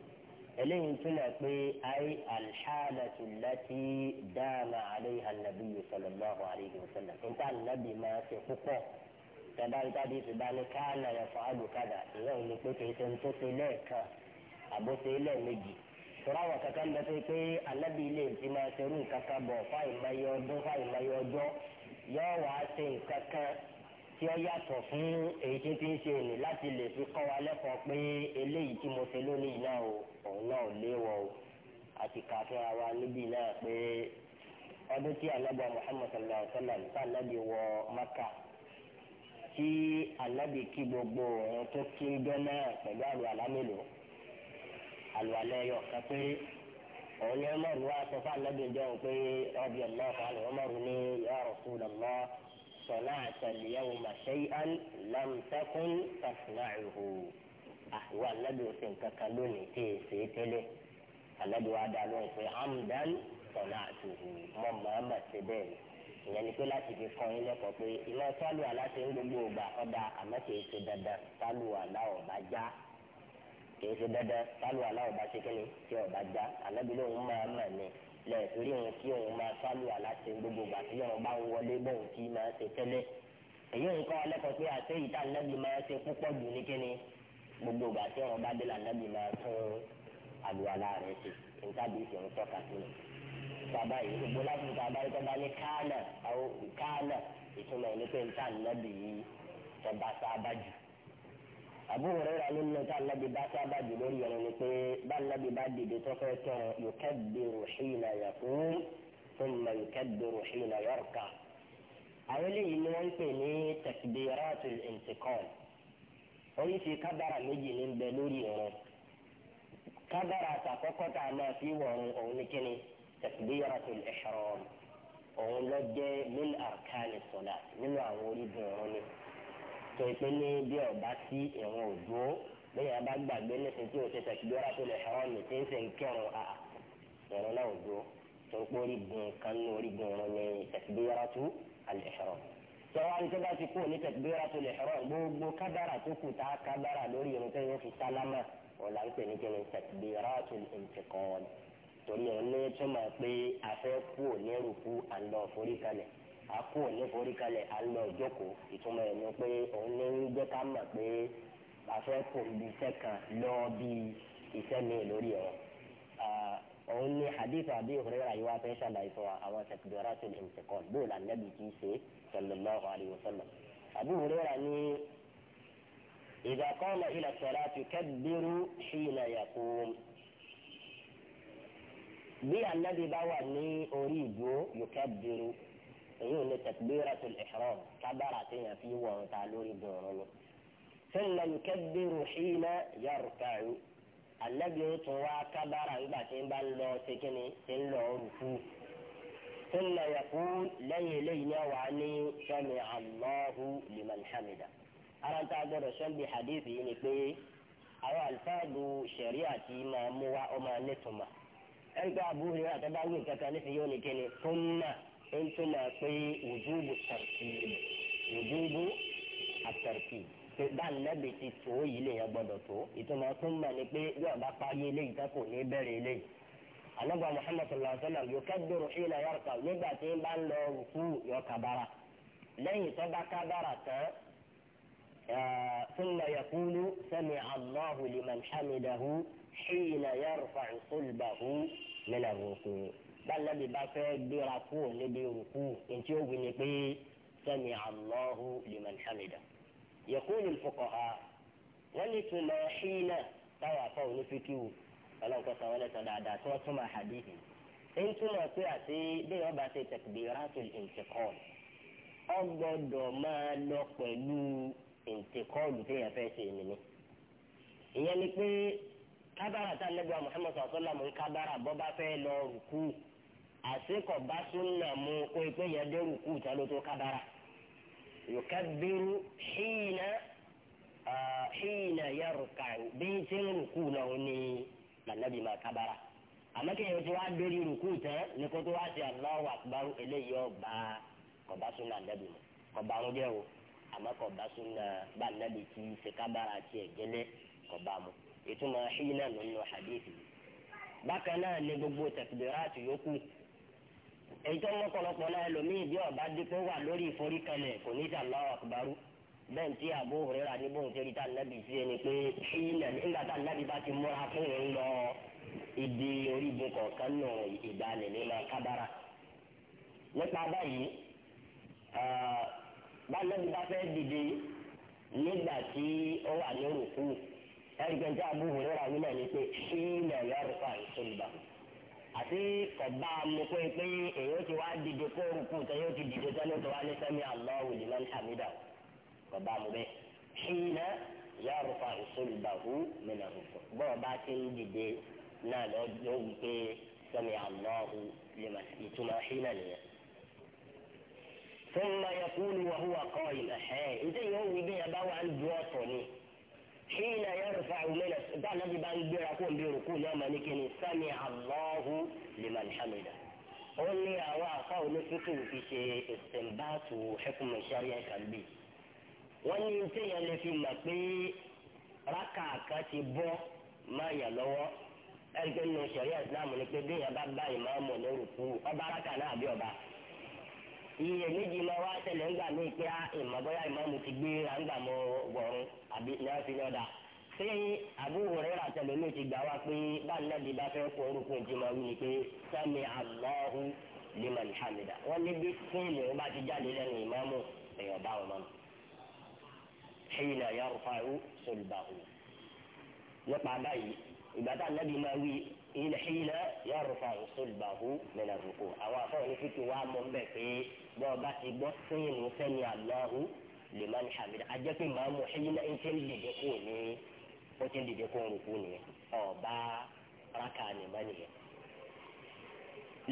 eléyìí túmọ̀ pé ayé alḥálàtú láti dáàmà àléyé anabi sallallahu alayhi wa sallam níta anabi máa ṣe púpọ̀ tẹ́bárítàdé ti bá ní káàlà yẹn fún àlùkàdà ìyẹn ní pé kìí ṣe ń tó ṣe lẹ́ẹ̀kan àbóṣe lẹ́ẹ̀mejì turawa kankan bẹ pé pé anabi ilé ti máa ṣe irú nǹkan kan bọ̀ fáìmáyé ọdún fáìmáyé ọjọ́ yọ wàá ṣe nǹkan kan. tí ó yàtọ̀ fún èyí tí ti ń ṣe òní láti lè fi kọ́ wa lẹ́kọ̀ọ́ pé eléyìí tí mo ṣe lónìí náà o òun náà ò o àti kà wa níbí náà pé ọdún tí alábà Muhammad sallallahu gbogbo òun tó kí ń náà pẹ̀lú pé òun ni sọ fún pé ọbẹ̀ náà kan ní ya صنعت اليوم شيئا لم تكن تصنعه أحوى الذي سنككلوني تي سيتلي الذي وعدالون في عمدا صنعته مما ما سبيل ìyẹn ni pé láti fi kọ́ ilé ẹ̀kọ́ pé iná sálù aláṣẹ ń gbogbo ògbà ọ̀dà àmọ́ kìí ṣe dandan sálù àlá ọ̀bá já kìí ṣe dandan sálù àlá ṣe kíni tí ọ̀bá já àlẹ́bí lóun máa ni lẹ́yìn torí òun kí òun máa sálù aláṣẹ gbogbo ìgbà tí òun bá ń wọlé bóun kí máa ṣe tẹ́lẹ̀ èyí ń kọ́ ọlẹ́kọ̀ọ́ pé àṣẹ ìta nẹ́bí máa ṣe púpọ̀ jù ní kíni gbogbo ìgbà tí òun bá dé là nẹ́bí máa tún àlùwàlá rẹ̀ ṣe nítàbí ìṣòro ń tọ́ka sí ni. bàbá yìí gbogbo láti ta bá yíkọ́ ní káànà àwọn ìtumọ̀ ìní pé níta nẹ́bí yìí tọ́ sábà jù. Abu Hurairah nínú tá alábi bá sábà jù lórí ẹ̀rọ ni pé bá alábi bá dìde tó fẹ́ tán yukabbiru hina yaqum thumma yukabbiru hina yarka. àwọn eléyìí ni wọ́n ń pè ní takbiratul intiqal oríṣi kábàrà méjì ní bẹ lórí ẹ̀rọ kábàrà àtàkọ́kọ́ tá a máa fi wọ̀run òun ní kíni takbiratul ihram òun lọ jẹ́ min tó pé ní bí ọba sí ìrún òdúró bẹ́ẹ̀ yà bá gbàgbé lẹ́sìn tí o ṣe tẹ̀síbíọ́ra tó lè ẹ̀rọ mi tí ń ṣe ń kẹrùn à ìrún náà òdúró tó pé orígun kan ní orígun ìrún ní tẹ̀síbíọ́ra tó alẹ́ ẹ̀rọ. sọ́wọ́ àríkẹ́ bá ti kú ní tẹ̀síbíọ́ra tó lè ẹ̀rọ gbogbo kábàrà tó kù tá kábàrà lórí ìrún tó yẹ fi sálámà wọn là ń pè ní kíni tẹ̀síbíọ́ra tó lè ń tẹ̀kọ́ torí ẹ̀ ní túmọ̀ pé afẹ́ kú ò ní rúkú àlọ́ forí kalẹ̀ àkó òní forí kalẹ̀ alọ́ ìjókòó ìtumọ̀ ẹ̀ ni pé òun ní ń jẹ́ ká mọ̀ pé àfẹ́ kò ń bi iṣẹ́ kan lọ bí iṣẹ́ mi lórí ọ̀ òun ní hadith àbí ìhòrẹ́rà yìí wá fẹ́ ṣàlàyé fún wa àwọn sẹ̀kìdọ́rà tó lè ṣe kọ́ bóòlù ànábì kì í ṣe sallallahu alaihi wasallam àbí ìhòrẹ́rà ní idha qama ila salati kabbiru hina yaqum bí ànábì bá wà ní orí ìdúró yukabbiru èyí ò ní takbiratul ihram kábàrà tí yàn fi wọ̀ ọ̀tá lórí dùnrún ni. thumma yukabbiru hina yarka'u Ànábì ó tún wá kábàrà nígbà tí ń bá ń lọ ṣe kí ni tí ń lọ rùkú. thumma yaqul lẹ́yìn eléyìí náà wà ní sami'a Allahu liman hamida. ara ń tá a gbọ́dọ̀ hadith yìí ni pé àwọn àlùfáàdù ṣẹ̀ríà tí máa mú wá ọmọ anẹ́tùmá. ẹ̀ríkà àbúrò ń túmọ̀ pé wùdúbù tàrkì wùdúbù àtàrkì pé dáńlẹ́bi ti tó yìí lè yẹn gbọ́dọ̀ tó ìtumọ̀ tó ń mọ̀ ni pé bí ọba parí eléyìí tán kò ní bẹ̀rẹ̀ eléyìí. alọ́gbà muhammed sallallahu alayhi wa sallam yóò kẹ́dùrú ìlà yọ̀ọ̀kà nígbà tí ń bá ń lọ rúkú yọ kàbára lẹ́yìn tó bá kàbára tán ثم يقول سمع الله لمن حمده حين يرفع صلبه من الركوع bálẹ́bí bá fẹ́ gbéra kúrò níbi òkú ntí ó wí ni pé sami allahu liman hamida yakunu fukaha wọ́n ní túmọ̀ ṣínà táwọn afọ onífikiru ọlọ́nkọ́ sọ wọ́n lẹ́sọ̀ dáadáa tí wọ́n túmọ̀ hadithi ń túmọ̀ pé àti bí wọ́n bá ṣe takbiratul intiqal ọgbọ́dọ̀ máa lọ pẹ̀lú ìtìkọ́ọ̀lù téèyàn fẹ́ ṣe nìyí. ìyẹn ni pé kábàrà tá a lẹ́gbẹ̀ẹ́ Muhammad sallallahu ń kábàrà bọ́ bá fẹ́ lọ rùkú àsekọ̀ bá súnà mu kó yadda yẹn dérú kú ìta ló tó kábàrà yòókàbírú hìnà hìnà yàrùkà bí tí ń rùkú náà ní lànàbí máa kábàrà àmọ́ kí ẹ̀yọ́ tí wàá dórí rùkú tán ní kó tó wá sí Allahu eléyìí ọba kọ̀bá súnà nàbí mu kọ̀bá ń jẹ́ o àmọ́ súnà bá èyítọ́ lọ́pọ̀lọpọ̀ náà ẹlòmíì bí ọba dípò wà lórí ìforíkalẹ̀ kò ní sà lọ́wọ́ àkùbárú bẹ́ẹ̀ tí àbó òrera ní bóun ṣe rí tá nàbì sí ẹni pé ilẹ̀ nígbà tá nàbì bá ti múra fún òun lọ ibi orígun kọ̀ọ̀kan nù ìgbàanì nínú kábàrà. nípa báyìí bá nàbì bá fẹ́ dìde nígbà tí ó wà ní òrùkú ẹ̀rí pẹ̀lú àbó òrera wílẹ̀ ni pé ilẹ̀ yọrù fà ń sọ̀rọ̀ àti kọbaa mu pé pé èyí ti wá dìde kó rúkú tẹ yóò ti dìde tẹ lóto wá ní sẹ́mi Allahu liman hamida kọ̀bá mu bẹ́ẹ̀ ṣìnà yàrùfà ìṣòlùbàhù mìíràn rúkú bọ́ọ̀ bá ti ń dìde náà lọ́ọ́ ituma pé sẹ́mi ìtumọ̀ ṣìnà nìyẹn. حين يرفع من السجدة الذي بان بيركون بيركون يوم نكني سمع الله لمن حمده قل يا واقع نفقه في شيء استنباط حكم الشريعة قلبي wọ́n ní tí yẹn lè fi mọ̀ pé rákàkà ti bọ́ máa yà lọ́wọ́ ẹgbẹ́ nínú sẹ̀ríà ìsìlámù ni pé bí yẹn bá bá ìmáàmù ní rùkú ọba rákà náà bí ọba iye méjì máa wá ṣẹlẹ̀ ńgbà míì pé ah, ìmọ̀ bóyá ìmọ̀mù ti gbé ráńgbà mọ́ wọ̀run àbí náà fi yọ̀dà ṣé àbúrò rẹ̀ àtẹ̀lẹ̀ mi ti gbà wá pé báńdàbí bá fẹ́ kó orúkọ ìjìmọ̀ wí ni pé sami Allahu liman hamida wọ́n ní bí fíìmù bá ti jáde lẹ́nu ìmọ̀mù èèyàn bá wọn mọ́nu hina yarfa'u sulbahu nípa báyìí ìgbà tá ànábì máa wí hina yarfa'u sulbahu min ar-ruku' àwọn afọ́ onífíkì wa mọ̀ ń bẹ̀ pé bọ́ọ̀ bá ti gbọ́ sẹ́yìn ní sẹ́ni Allahu liman hamid ajẹ́ pé màámu ẹ̀yìnlá ẹ̀ ti ń dìde kó ní ó ti ń dìde kó ń rúkú nìyẹn ọ̀ọ́bá raka nìbá nìyẹn.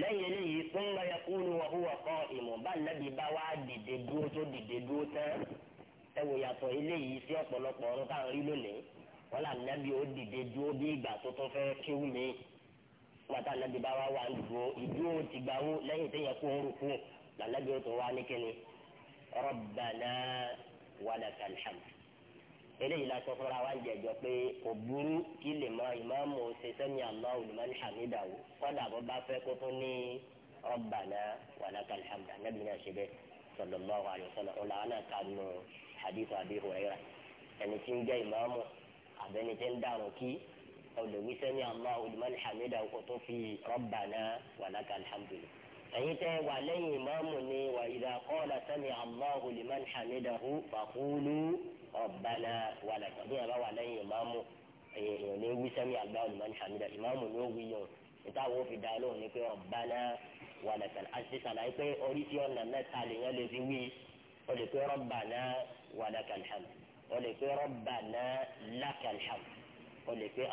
lẹ́yìn eléyìí summa yaqulu wa huwa qa'imu bá nàbí bá wá dìde dúró tó dìde dúró tán ẹ wò yàtọ̀ eléyìí sí ọ̀pọ̀lọpọ̀ ọ̀run káà ń rí lónìí wọ́n là nàbí ó dìde dúró bí ìgbà tó tún fẹ́ kíwú mi wọ́n tà nàbí bá wá wà dúró ìdúró ti gbà wó lẹ́yìn lànàbí o tó wá ní kíni rabbana walakal hamd eléyìí la sọ fúnra wa ń jẹjọ pé kò burú kí lè mọ ìmáàmù sẹsẹmi Allahu liman hamidahu kọ́dà bó bá fẹ́ kó tún ní rabbana walakal hamd lànàbí náà ṣe bẹ́ẹ̀ sallallahu alayhi wa sallam ọ̀la àná kanu hadith Abi Hurairah ẹni tí ń jẹ́ ìmáàmù àbẹ́ni tí ń dàrú kí olùwísẹ́ ní Allahu liman hamidahu kó tó fi rabbana walakal hamd lè ẹ̀yin tẹ́ wà lẹ́yìn ìmáàmù ni wà idha qala sami Allahu liman hamidahu faqulu rabbana wà lẹ́yìn bí ẹ bá wà lẹ́yìn ìmáàmù èèyàn ní wí sami Allahu liman hamidahu ìmáàmù ni ó wí yàn ìtawọ́ fi dá lóhùn ni pé rabbana wà lẹ́yìn àti sàlàyé pé oríṣi ọ̀nà mẹ́ta lèèyàn lè fi wí ó lè pé rabbana wà lẹ́yìn hàmì lè pé rabbana lakal hàmì lè pé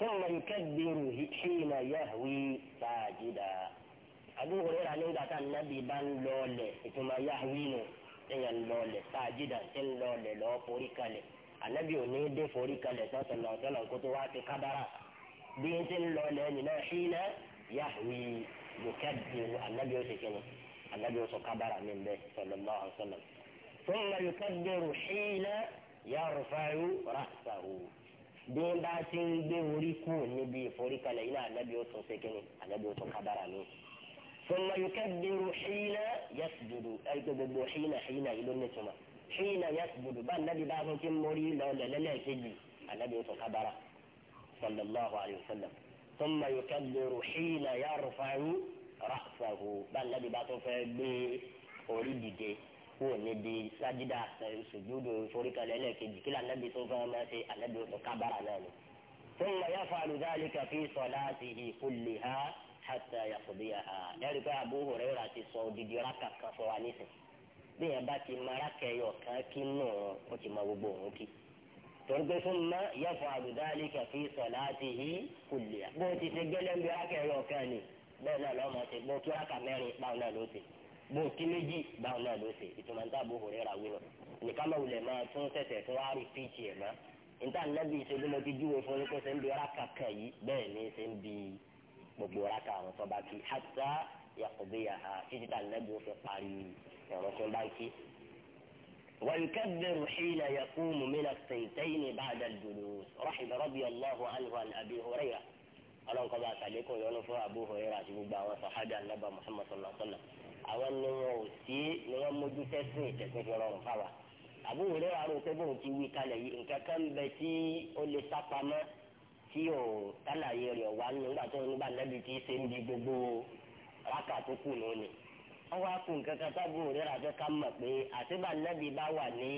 ثم يكبر حين يهوي ساجدا Abu Huraira nígbà tá nàbì bá ń lọlẹ̀ ìtumọ̀ yahwi nù ẹ̀yà ń lọlẹ̀ sáàjìdà ẹ̀ ń lọlẹ̀ lọ́ọ́ forí kalẹ̀ ànábì ò ní dé forí kalẹ̀ sọ́sọ̀lọ̀ sọ́lọ̀ kó tó wá ti kábàrà bí n ti ń lọlẹ̀ nínú ṣíná yahwi yukaddiru ànábì ó ti kẹ́nu ànábì ó sọ kábàrà mi bẹ́ẹ̀ sallallahu alaihi wasallam thumma yukaddiru ṣíná yarfa'u ra'sahu bí wọ́n bá ti ń gbé orí kù níbi ìforíkalẹ̀ iná ànábi ó tún sékìní ànábi ó tún kábàrà mi. sọmọ yòókè dèrò xiyínà yasjudu ẹgbẹ gbogbo xiyínà xiyínà yìí ló ní tuma xiyínà yasjudu bá ànábi bá fún ti mórí lọ́lẹ̀ lẹ́lẹ́kejì ànábi ó tún kábàrà sallallahu alayhi wa sallam. sọmọ yòókè dèrò xiyínà yarfaru ra'sahu bá ànábi bá tún fẹ́ gbé orí dìde kúrò níbi sájídà sùjúdù ìforíkalẹ̀ ẹlẹ́ẹ̀kejì kí tó ni. ثم يفعل ذلك في صلاته كلها حتى يقضيها ẹ̀rí pé Abu Hurairah ti sọ odidi rákà kan fún wa nísìn bí yẹn bá ti mọ rákà ẹyọ kan kí nù ó ti mọ gbogbo òun kí. bó ti kan ni náà ti kí bó o kí méjì báwọn náà ló ṣe ìtumọ̀ níta bó o rẹ̀ ra wí lọ nìkan máa wulẹ̀ máa tún tẹ̀sẹ̀ tún wá rí fíìtì ẹ̀ mọ́ níta nàbí ìṣèlú ti júwe fún yín kó ṣe ń bi raka kan yìí bẹ́ẹ̀ ni ṣe ń bi gbogbo raka àwọn tó bá kí hatta yaqdiyaha títí tá nàbí ó fi parí ẹ̀rọ tó bá kí. ويكبر حين يقوم من الصيتين بعد الجلوس رحم رضي الله àwọn ni wọn ò sí ni wọn mójú tẹsán ìtẹsán fi rọrùn fáwa àbúrò rẹ àrùn pé bóun ti wí kalẹ̀ yìí nǹkan kan bẹ tí ó lè sápamọ́ tí ò kálàyé rẹ̀ wá nígbà tó nígbà lẹ́bi tí ṣe ń di gbogbo rákà tó kù lónìí wọ́n wá kú nǹkan kan tábùrò rẹ̀ àfẹ́ ká mọ̀ pé àtibá lẹ́bi bá wà ní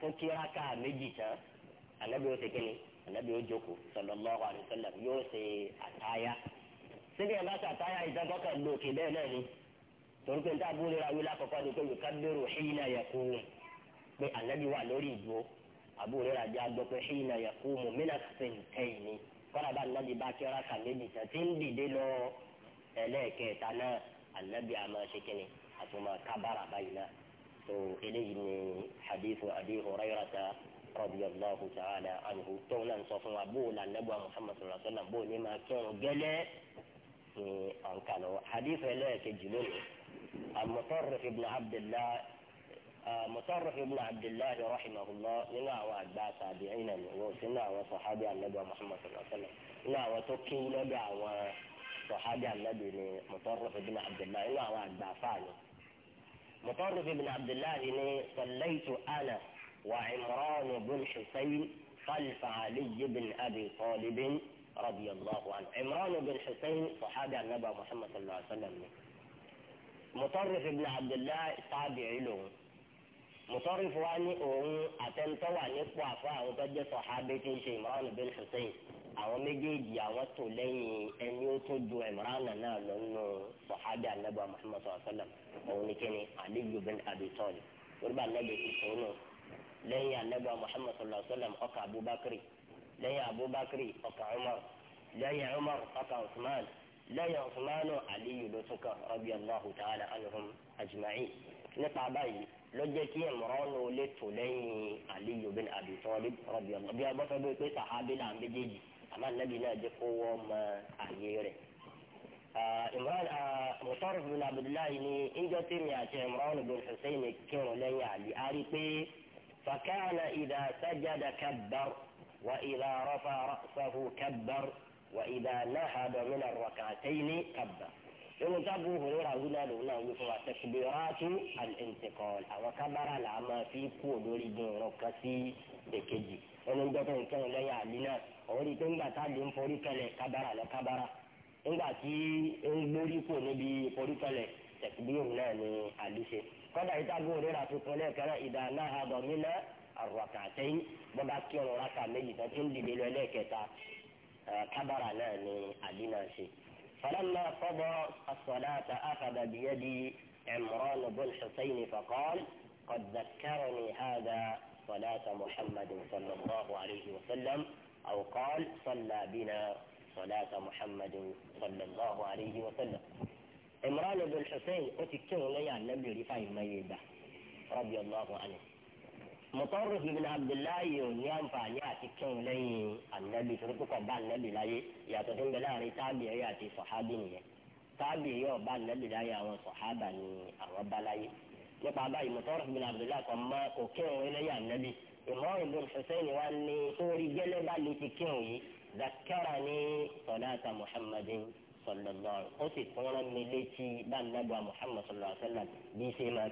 tó kí rákà méjì tán àlẹ́bi ó ṣe kíni àlẹ́bi ó jókòó sallallahu alaihi wasallam yóò ṣe àtayá síbi ẹ̀ bá sàtáyà ìdágbọ́kà lu òkè bẹ́ẹ̀ náà ni torí pé níta búrẹ́ ra wíwá kọ́kọ́ ni pé yukabiru hina yakum pé ànábi wà lórí ìdúró àbúrẹ́ ra jẹ́ agbọ́ pé hina yakum minas sintain ni kọ́ra bá ànábi bá kí ọ́ra kà méjì tán tí ń dìde lọ ẹlẹ́ẹ̀kẹta náà ànábi àmọ́ ṣe kínní àtúmọ̀ kábàrà báyìí náà tó eléyìí ni hadithu Abi Hurayrata tí a ń kà lọ hadith ẹlẹ́ẹ̀kejì lónìí al-Mutarrif ibn abdullah al-Mutarrif ibn abdullah rahimahullah nínú àwọn àgbà tabi'in wọ́n sí nínú àwọn sọ̀hábì anábì muhammad sallallahu alayhi wa sallam nínú àwọn tó kí lọ́dọ̀ àwọn sọ̀hábì anábì ni Mutarrif ibn abdullah nínú àwọn àgbà fáàlì Mutarrif ibn abdullah ni sallaytu ana wa imran ibn husayn khalfa ali ibn abi talib. رضي الله عنه عمران بن حسين صحابي النبي محمد صلى الله عليه وسلم مطرف بن عبد الله تابعي له مطرف واني أون أتنتو واني قوافا وتجي صحابتي شي عمران بن حسين àwọn méjèèjì àwọn tó lẹ́yìn ẹni ó tó ju ẹ̀mọ́ránà náà lọ nínú sọ̀hádì anábà muhammad sallam òun ni kíni aliyu bin abi tọ́lì wọ́n bá anábì ti sọ́nù lẹ́yìn anábà muhammad sallam ọkà abubakar lẹ́yìn abubakar ọkàn umar lẹ́yìn umar ọkàn usman lẹ́yìn usman aliyu ló tún kàn rabi allahu ta'ala anhum ajma'in nípa báyìí ló jẹ́ kí ìmọ̀ránù lè tò lẹ́yìn aliyu bin abi talib rabi allahu bí abọ́sọ́ bí pé sàhábì náà méjèèjì àmọ́ nàbí náà jẹ́ kó wọ́n mọ àyè rẹ̀. imran musarrif bin abdullahi ni injọ́ tí mi àti imran bin hussein kírun lẹ́yìn ali a rí pé fakana idha sajada kabbar. وإذا رفع رأسه كبر وإذا نهض من الركعتين كبر إن أبو هريرة هنا لنا يفوى تكبيرات الانتقال أو كبر العمى في كود ولدن ركسي بكجي إن أبو هريرة كان لنا يعلنا أولي تنبا تعلم فوريك لكبر لكبر إن أتي إن بوريكو نبي فوريك لتكبير لنا لحديثي قد أبو هريرة تقول لك إذا نهض من الركعتين بابا كيرو ركع ميجي تقول لي كبرنا ليكتا آه، كبر فلما قضى الصلاة أخذ بيدي عمران بن حسين فقال قد ذكرني هذا صلاة محمد صلى الله عليه وسلم أو قال صلى بنا صلاة محمد صلى الله عليه وسلم عمران بن حسين أتكلم لي عن نبي رفاي ميدة رضي الله عنه Mutarrif ibn Abdullahi ò ní àǹfààní àti kírun lẹ́yìn ànábì torí púpọ̀ bá ànábì láyé ìyàtọ̀ tó ń bẹ láàrin tábìrì àti sọ̀hábì nìyẹn tábìrì ọba ànábì láyé àwọn sọ̀hábà ni àwọn bá láyé nípa báyìí Mutarrif ibn Abdullahi kan mọ òkèrún lẹ́yìn ànábì ìmọ̀ ìbùn fẹsẹ̀yìn wa ní sórí gẹ́lẹ́bà lè ti kírun yìí zakara ní sọ̀dáàtà Muhammadin sallallahu ó sì tún rán mi létí bá ànábì wa Muhammad sallallahu alaihi wasallam bí ṣe máa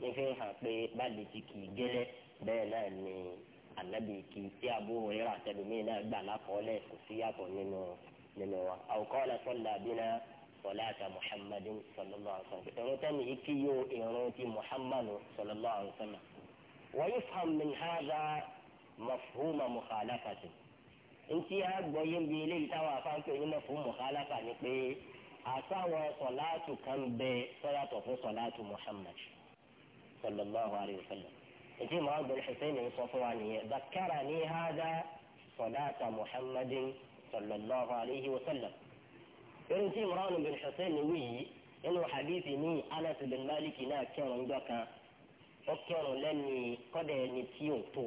ń fi hàn pé báàlì ti kì í gẹ́lẹ́ bẹ́ẹ̀ náà ni ànábì kì í tí Abu Hurairah àtẹ̀lómi náà gbà lákọọ́lẹ̀ kò sí yàtọ̀ nínú nínú wa. aw qala salla bina salata muhammadin sallallahu alaihi wasallam. ìrún tẹ́ni ikí yóò ìrún ti muhammadu sallallahu alaihi wasallam. wa yufham min hadha mafhuma mukhalafati ntí a gbọ́ yé bi eléyìí táwọn afáńpẹ́ onímọ̀ fún mukhalafa ni pé àtàwọn sọ̀láàtù kan bẹ sọ́yàtọ̀ fún sọ̀láàtù muhammad sallallahu alayhi wa sallam ètí ìmọ̀ àgbẹ̀rẹ̀ Hussein ń sọ fún wa nìyẹn zakara ní hada sọdáta muhammadin sallallahu alayhi wa sallam irun tí ìmọ̀ àwọn ìbẹ̀rẹ̀ Hussein wí yìí nínú hadithi ní anas bin malik náà kẹrùn gbọ́ kan ó kẹrùn lẹ́ni kọ́dẹ̀ ní tí ò tó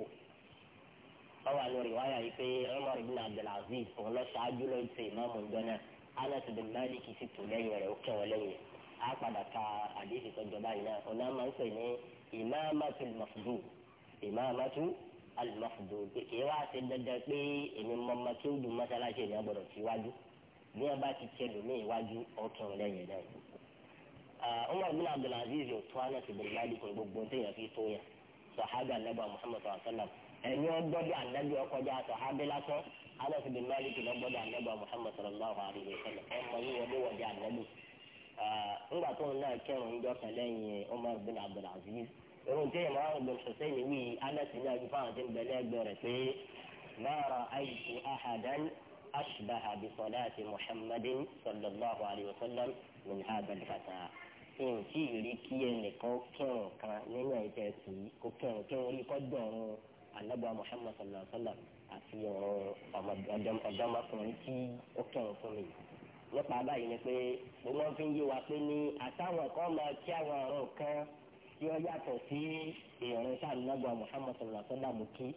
ọwọ́ àwọn rìwáyà yìí pé Umar ibn Abdulaziz òun lọ ṣáájú lọ́ọ́ ti ìmọ̀ ọmọ ìjọ náà anas bin malik sì tò lẹ́yìn rẹ̀ ó kẹwọn lẹ́yìn rẹ̀ á padà ka àdéhùn tó jọba yìí náà ọ̀nà máa ń pè ní ìmáàmátú mọ̀fùdù ìmáàmátú alùmọ̀fùdù kì í wá ṣe dandan pé èmi mọ̀mọ́ tó dùn mọ́ṣáláṣí ènìyàn gbọ́dọ̀ síwájú bí wọ́n bá ti tẹ lómi ìwájú ọ̀tún lẹ́yìn náà. Umar bin Abdul Aziz yóò tó àná sí bẹ̀rẹ̀ láti kún gbogbo téèyàn fi tó yàn sọ̀hábì anábà Muhammad sallam ẹ̀yin ọgbọ́dọ̀ anábì ọkọjá sọ̀hábì lásán àná sí bẹ̀rẹ̀ láti kún gbogbo anábà Muhammad sallam ọmọ yìí wọlé wọlé anábì ńgbà tó ń náà kẹrùn ún jọkàn lẹ́yìn Umar bin Abdul Aziz irun tí ìmọ̀ àwọn bin Hussein wí alẹ́sì náà ju fáwọn tí ń bẹ lẹ́gbẹ̀ẹ́ rẹ̀ pé ma ra'aytu ahadan ashbaha bi salati Muhammadin sallallahu alayhi wa sallam min hadha al-fata n tí ìrí kí ẹnìkan kírun kan nínú ẹ̀jẹ̀ sí kó kírun kí rí kọ́ dọ̀rùn alábọ̀ Muhammad sallallahu alayhi wa sallam àti ọ̀dọ́mọkùnrin tí ó kírun fún mi nípa báyìí ni pé mo máa fi ń yé wa pé ní àtàwọn kan máa kí àwọn ọ̀rọ̀ kan tí ó yàtọ̀ sí ìrìn sàlùmọ́gbà muhammad sallallahu alaihi wa sallam kí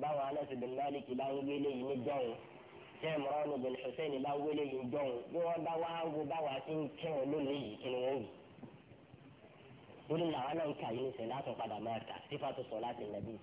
báwọn alásìbìn málìkì láwọn wílé yìí níjọ́hún tí imran bin hussein láwọn wílé yìí níjọ́hún bí wọ́n bá wá wo báwa ti ń kírun lónìí yìí kí ni wọ́n wù. lórí làwọn náà ń kà yín nísìnyí láti padà máa kà sífàtú sọ láti nàbí.